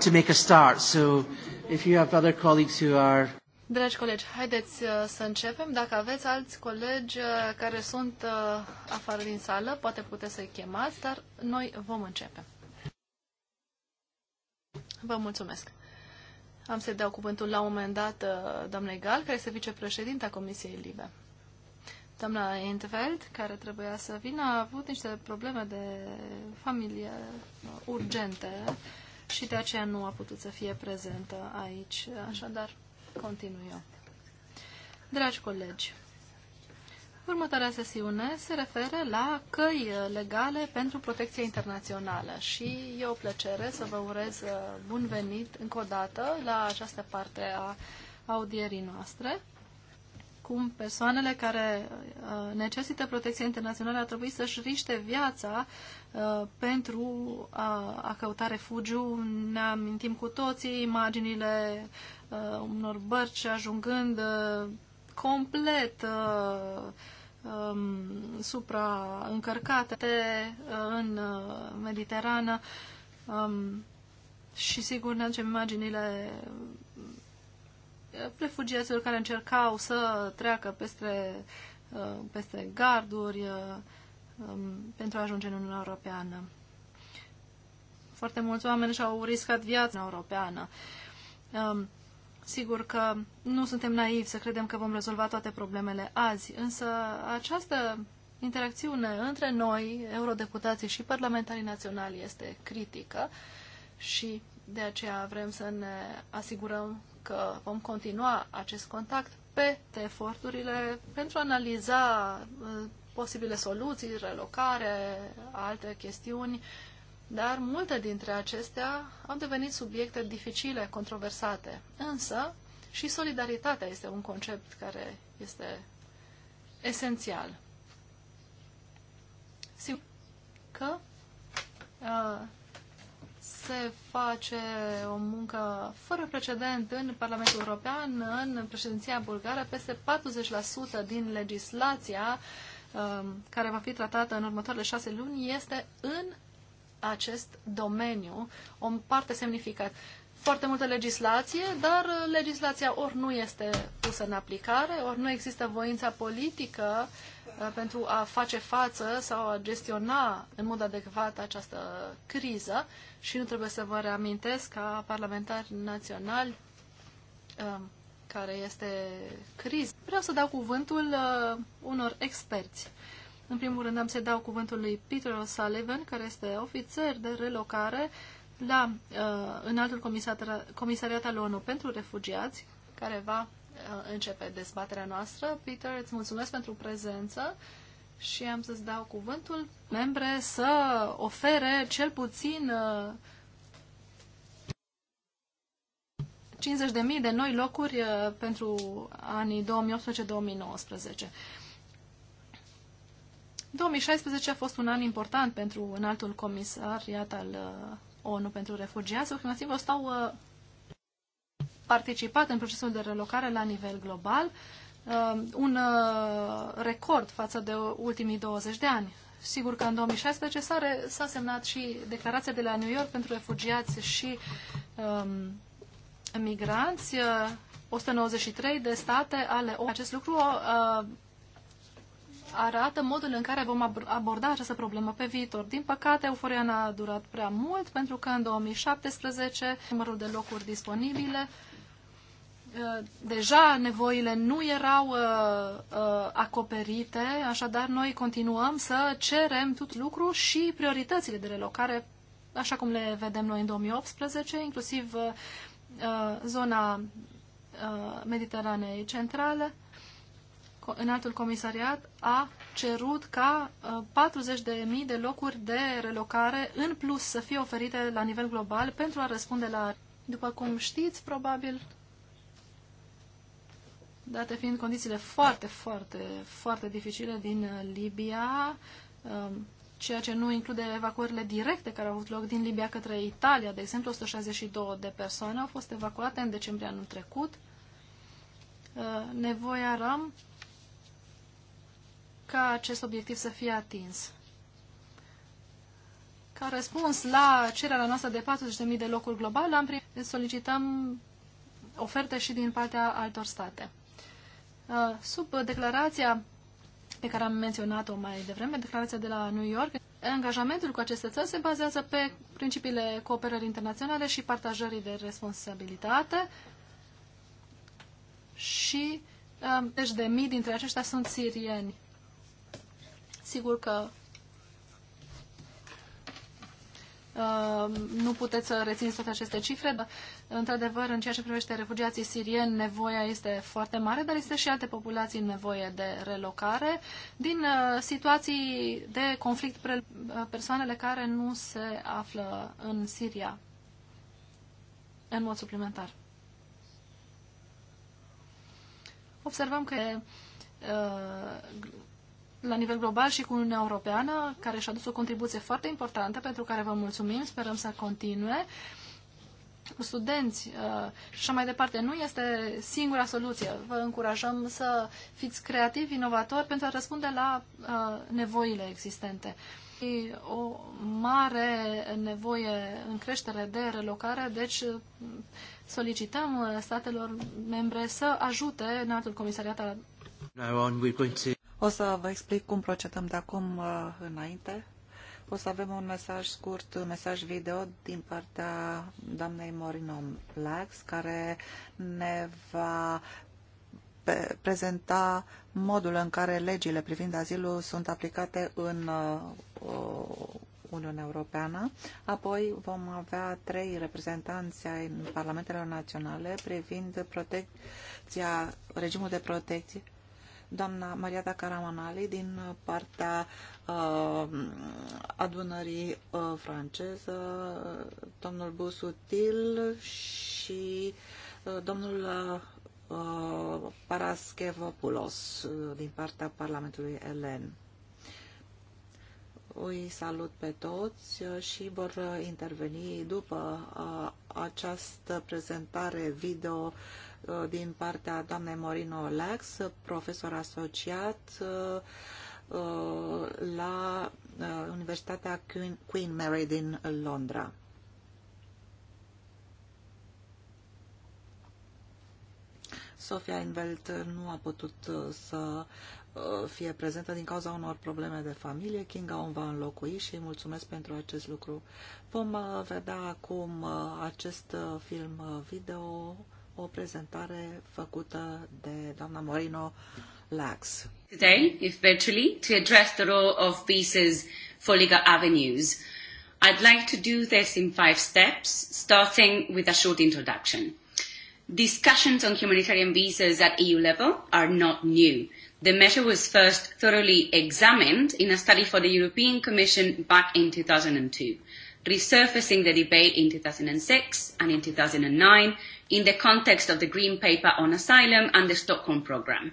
to make a start, so if you have other colleagues who are Dragi colegi, haideți uh, să începem. Dacă aveți alți colegi uh, care sunt uh, afară din sală, poate puteți să-i chemați, dar noi vom începe. Vă mulțumesc. Am să-i dau cuvântul la un moment dat doamnei Gal, care este vicepreședinta Comisiei Libe. Doamna Entveld, care trebuia să vină, a avut niște probleme de familie urgente și de aceea nu a putut să fie prezentă aici. Așadar, continui eu. Dragi colegi, următoarea sesiune se referă la căi legale pentru protecție internațională și e o plăcere să vă urez uh, bun venit încă o dată la această parte a audierii noastre cum persoanele care uh, necesită protecție internațională ar trebui să-și riște viața uh, pentru a, a căuta refugiu. Ne amintim cu toții imaginile uh, unor bărci ajungând complet um, supraîncărcate în Mediterană um, și sigur ne aducem imaginile refugiaților care încercau să treacă peste, uh, peste garduri uh, um, pentru a ajunge în Uniunea Europeană. Foarte mulți oameni și-au riscat viața în europeană. Um, sigur că nu suntem naivi să credem că vom rezolva toate problemele azi, însă această interacțiune între noi, eurodeputații și parlamentarii naționali, este critică și de aceea vrem să ne asigurăm că vom continua acest contact pe eforturile pentru a analiza uh, posibile soluții, relocare, alte chestiuni, dar multe dintre acestea au devenit subiecte dificile, controversate. Însă, și solidaritatea este un concept care este esențial. Sigur că uh, se face o muncă fără precedent în Parlamentul European, în președinția bulgară, peste 40% din legislația um, care va fi tratată în următoarele șase luni este în acest domeniu, o parte semnificativă foarte multă legislație, dar legislația ori nu este pusă în aplicare, ori nu există voința politică uh, pentru a face față sau a gestiona în mod adecvat această criză și nu trebuie să vă reamintesc ca parlamentari naționali um, care este criză. Vreau să dau cuvântul uh, unor experți. În primul rând am să dau cuvântul lui Peter O'Sullivan, care este ofițer de relocare la uh, înaltul comisariat al ONU pentru refugiați, care va uh, începe dezbaterea noastră. Peter, îți mulțumesc pentru prezență și am să-ți dau cuvântul. Membre să ofere cel puțin uh, 50.000 de noi locuri uh, pentru anii 2018-2019. 2016 a fost un an important pentru înaltul comisariat al uh, ONU pentru refugiați, Ochnasivo stau uh, participat în procesul de relocare la nivel global, uh, un uh, record față de ultimii 20 de ani. Sigur că în 2016 s-a, semnat și declarația de la New York pentru refugiați și um, migranți. 193 de state ale ONU. Acest lucru uh, arată modul în care vom aborda această problemă pe viitor. Din păcate, euforia n-a durat prea mult, pentru că în 2017 numărul de locuri disponibile uh, deja nevoile nu erau uh, uh, acoperite, așadar noi continuăm să cerem tot lucru și prioritățile de relocare, așa cum le vedem noi în 2018, inclusiv uh, uh, zona uh, Mediteranei centrale, uh, înaltul comisariat a cerut ca 40.000 uh, de locuri de relocare în plus să fie oferite la nivel global pentru a răspunde la... După cum știți, probabil, date fiind condițiile foarte, foarte, foarte dificile din uh, Libia, um, ceea ce nu include evacuările directe care au avut loc din Libia către Italia, de exemplu, 162 de persoane au fost evacuate în decembrie anul trecut. Uh, nevoia RAM ca acest obiectiv să fie atins. Ca răspuns la cererea noastră de 40.000 de locuri globale, am primit, solicităm oferte și din partea altor state. Uh, sub declarația pe care am menționat-o mai devreme, declarația de la New York, angajamentul cu aceste țări se bazează pe principiile cooperării internaționale și partajării de responsabilitate și deci de mii dintre aceștia sunt sirieni. Sigur că uh, nu puteți să rețineți toate aceste cifre, dar, într-adevăr, în ceea ce privește refugiații sirieni, nevoia este foarte mare, dar este și alte populații în nevoie de relocare din uh, situații de conflict, uh, persoanele care nu se află în Siria în mod suplimentar. Observăm că la nivel global și cu Uniunea Europeană, care și-a dus o contribuție foarte importantă, pentru care vă mulțumim, sperăm să continue. Cu studenți uh, și așa mai departe, nu este singura soluție. Vă încurajăm să fiți creativi, inovatori pentru a răspunde la uh, nevoile existente. E o mare nevoie în creștere de relocare, deci uh, solicităm statelor membre să ajute în altul comisariat al Now on, we're going to... O să vă explic cum procedăm de acum uh, înainte. O să avem un mesaj scurt, un mesaj video din partea doamnei Morino Lax, care ne va prezenta modul în care legile privind azilul sunt aplicate în uh, Uniunea Europeană. Apoi vom avea trei reprezentanți ai Parlamentelor Naționale privind protecția, regimul de protecție doamna Mariata Caramanali din partea uh, adunării uh, franceză, domnul Busutil și uh, domnul uh, Paraschevopoulos uh, din partea Parlamentului Elen. Îi salut pe toți uh, și vor uh, interveni după uh, această prezentare video uh, Uh, din partea doamnei Morino Lax, profesor asociat uh, uh, la Universitatea Queen Mary din Londra. Sofia Invelt nu a putut să fie prezentă din cauza unor probleme de familie. Kinga o va înlocui și îi mulțumesc pentru acest lucru. Vom vedea acum acest film video o prezentare făcută de doamna Morino Lax. Today, if virtually, to address the role of pieces for legal avenues. I'd like to do this in five steps, starting with a short introduction. Discussions on humanitarian visas at EU level are not new. The measure was first thoroughly examined in a study for the European Commission back in 2002 resurfacing the debate in 2006 and in 2009 in the context of the Green Paper on Asylum and the Stockholm Programme.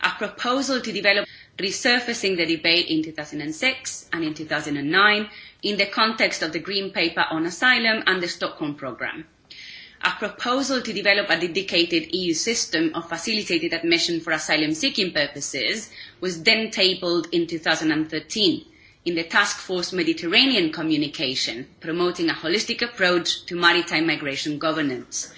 A proposal to develop resurfacing the debate in 2006 and in 2009 in the context of the Green Paper on Asylum and the Stockholm Programme. A proposal to develop a dedicated EU system of facilitated admission for asylum seeking purposes was then tabled in 2013 in the Task Force Mediterranean communication, promoting a holistic approach to maritime migration governance.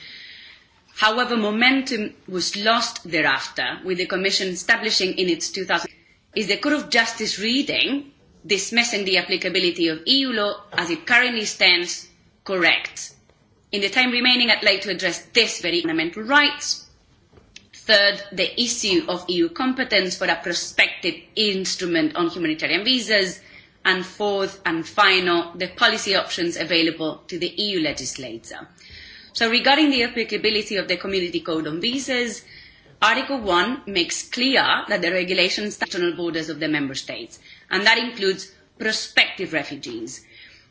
However, momentum was lost thereafter, with the Commission establishing in its 2000... Is the Court of Justice reading, dismissing the applicability of EU law as it currently stands, correct? In the time remaining, I'd like to address this very fundamental rights. Third, the issue of EU competence for a prospective instrument on humanitarian visas and fourth and final, the policy options available to the EU legislator. So regarding the applicability of the Community Code on Visas, Article 1 makes clear that the regulation national borders of the member states, and that includes prospective refugees.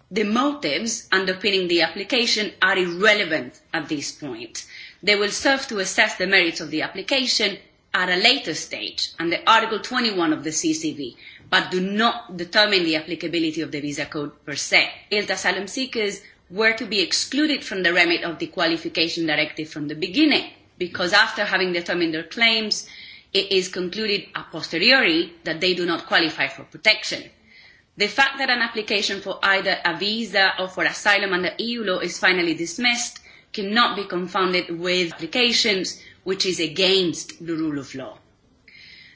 The motives underpinning the application are irrelevant at this point. They will serve to assess the merits of the application at a later stage under Article 21 of the CCV, but do not determine the applicability of the visa code per se. ILT asylum seekers were to be excluded from the remit of the qualification directive from the beginning, because after having determined their claims, it is concluded a posteriori that they do not qualify for protection. The fact that an application for either a visa or for asylum under EU law is finally dismissed cannot be confounded with applications which is against the rule of law.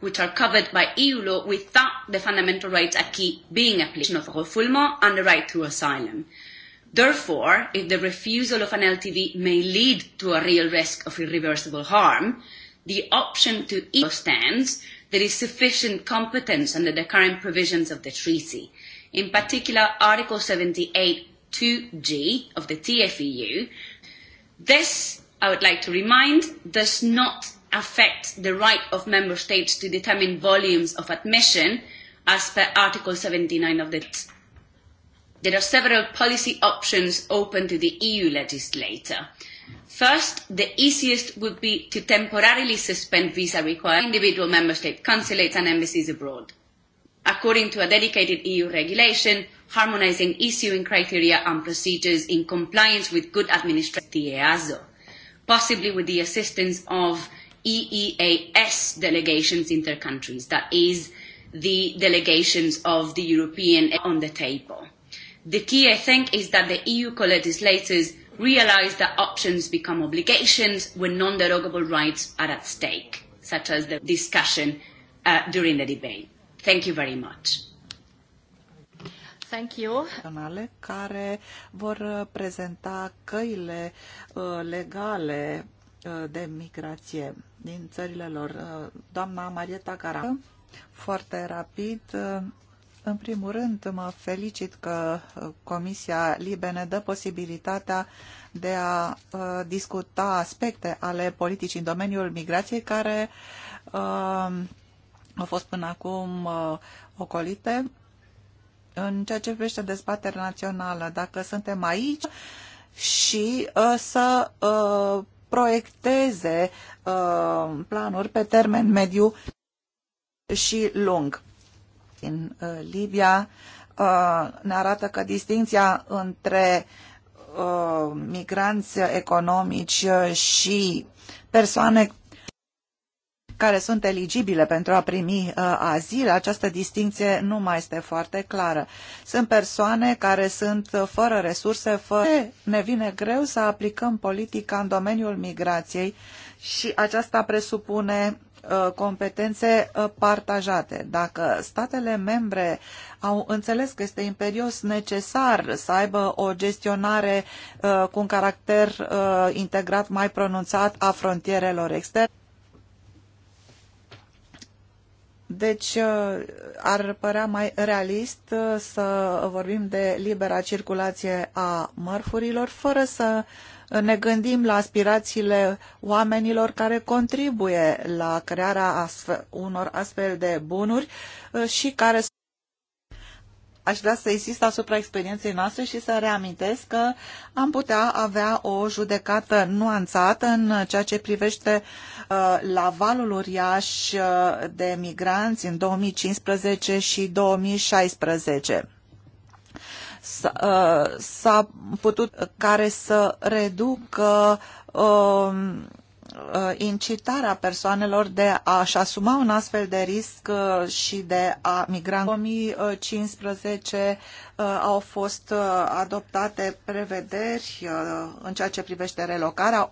which are covered by EU law without the fundamental rights acquis being application of refoulement and the right to asylum. Therefore, if the refusal of an LTV may lead to a real risk of irreversible harm, the option to EU stands there is sufficient competence under the current provisions of the treaty. In particular, Article 78 2G of the TFEU. This, I would like to remind, does not affect the right of member states to determine volumes of admission as per Article 79 of the TS. There are several policy options open to the EU legislator. First, the easiest would be to temporarily suspend visa requirements for individual member state consulates and embassies abroad. According to a dedicated EU regulation, harmonising issuing criteria and procedures in compliance with good administration, the EASO, possibly with the assistance of EEAS delegations inter countries, that is, the delegations of the European on the table. The key, I think, is that the EU co-legislators realise that options become obligations when non-derogable rights are at stake, such as the discussion uh, during the debate. Thank you very much. Thank you. care vor uh, prezenta căile uh, legale Uh, de migrație din țările lor. Uh, doamna Marieta Cara, foarte rapid, uh, în primul rând mă felicit că Comisia Libe ne dă posibilitatea de a discuta aspecte ale politicii în domeniul migrației care au fost până acum ocolite în ceea ce privește dezbaterea națională. Dacă suntem aici, și uh, să uh, proiecteze uh, planuri pe termen mediu și lung. În uh, Libia uh, ne arată că distinția între migranți economici și persoane care sunt eligibile pentru a primi uh, azil, această distinție nu mai este foarte clară. Sunt persoane care sunt uh, fără resurse, fără... Ne vine greu să aplicăm politica în domeniul migrației și aceasta presupune uh, competențe uh, partajate. Dacă statele membre au înțeles că este imperios necesar să aibă o gestionare uh, cu un caracter integrat mai pronunțat a frontierelor externe, deci uh, ar părea mai realist uh, să vorbim de libera circulație a mărfurilor fără să ne gândim la aspirațiile oamenilor care contribuie la crearea astfel, unor astfel de bunuri uh, și care aș vrea să insist asupra experienței noastre și să reamintesc că am putea avea o judecată nuanțată în ceea ce privește uh, valul uriaș uh, de migranți în 2015 și 2016 uh, s-a putut care să reducă uh, Uh, incitarea persoanelor de a-și asuma un astfel de risc uh, și de a migra. În 2015 uh, au fost adoptate prevederi în ceea ce privește relocarea,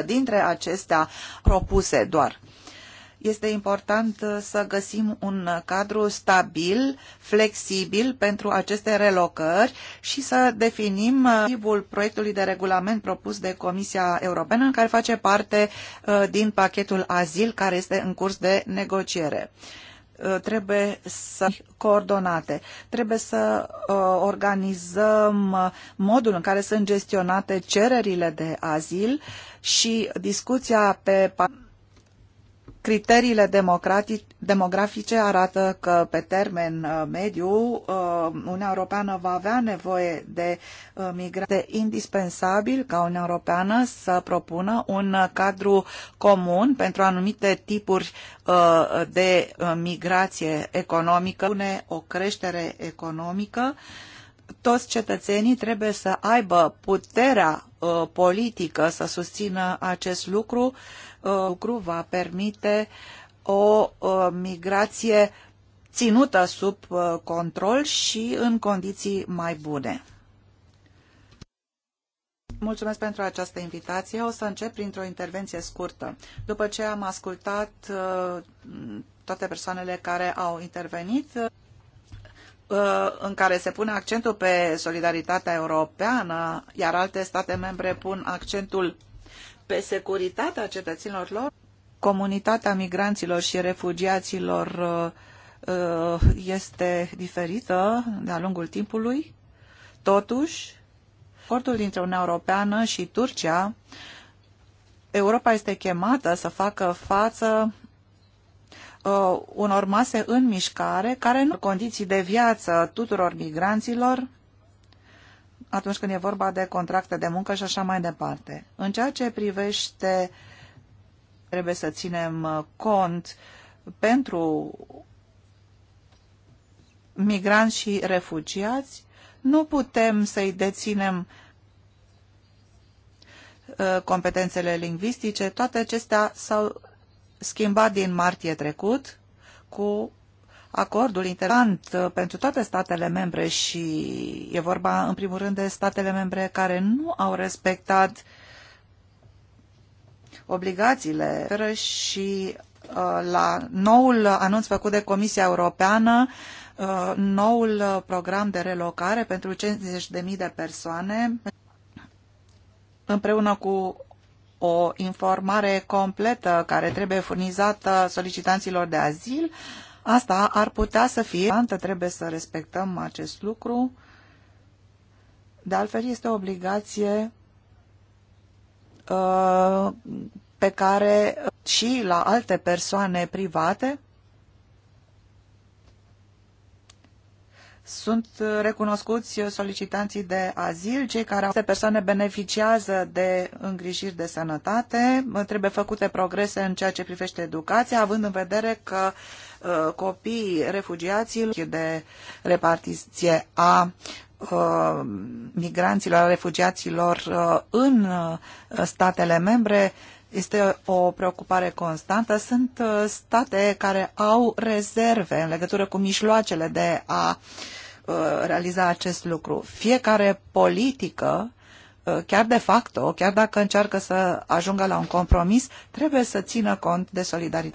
80% dintre acestea propuse doar. Este important uh, să găsim un cadru stabil, flexibil pentru aceste relocări și să definim tipul uh, proiectului de regulament propus de Comisia Europeană, care face parte uh, din pachetul azil care este în curs de negociere trebuie să coordonate, trebuie să uh, organizăm modul în care sunt gestionate cererile de azil și discuția pe Criteriile demografice arată că pe termen uh, mediu uh, Uniunea Europeană va avea nevoie de uh, migrante indispensabil ca Uniunea Europeană să propună un cadru comun pentru anumite tipuri de migrație economică, o creștere economică toți cetățenii trebuie să aibă puterea uh, politică să susțină acest lucru. Uh, lucru va permite o uh, migrație ținută sub control și în condiții mai bune. Mulțumesc pentru această invitație. O să încep printr-o intervenție scurtă. După ce am ascultat toate persoanele care au intervenit, Uh, în care se pune accentul pe solidaritatea europeană, iar alte state membre pun accentul pe securitatea cetățenilor lor, comunitatea migranților și refugiaților uh, uh, este diferită de-a lungul timpului. Totuși, acordul dintre Uniunea Europeană și Turcia, Europa este chemată să facă față uh, unor mase în mișcare care nu condiții de viață tuturor migranților atunci când e vorba de contracte de muncă și așa mai departe. În ceea ce privește trebuie să ținem uh, cont pentru migranți și refugiați, nu putem să-i deținem uh, competențele lingvistice, toate acestea s-au schimbat din martie trecut cu acordul interesant uh, pentru toate statele membre și e vorba în primul rând de statele membre care nu au respectat obligațiile și uh, la noul anunț făcut de Comisia Europeană uh, noul program de relocare pentru 50.000 de persoane împreună cu o informare completă care trebuie furnizată solicitanților de azil, asta ar putea să fie, trebuie să respectăm acest lucru, de altfel este o obligație uh, pe care și la alte persoane private sunt uh, recunoscuți solicitanții de azil, cei care aceste persoane beneficiază de îngrijiri de sănătate, trebuie făcute progrese în ceea ce privește educația, având în vedere că uh, copiii refugiaților de repartiție a uh, migranților, a refugiaților în statele membre este o preocupare constantă. Sunt state care au rezerve în legătură cu mijloacele de a uh, Uh, realiza acest lucru. Fiecare politică, uh, chiar de facto, chiar dacă încearcă să ajungă la un compromis, trebuie să țină cont de solidaritatea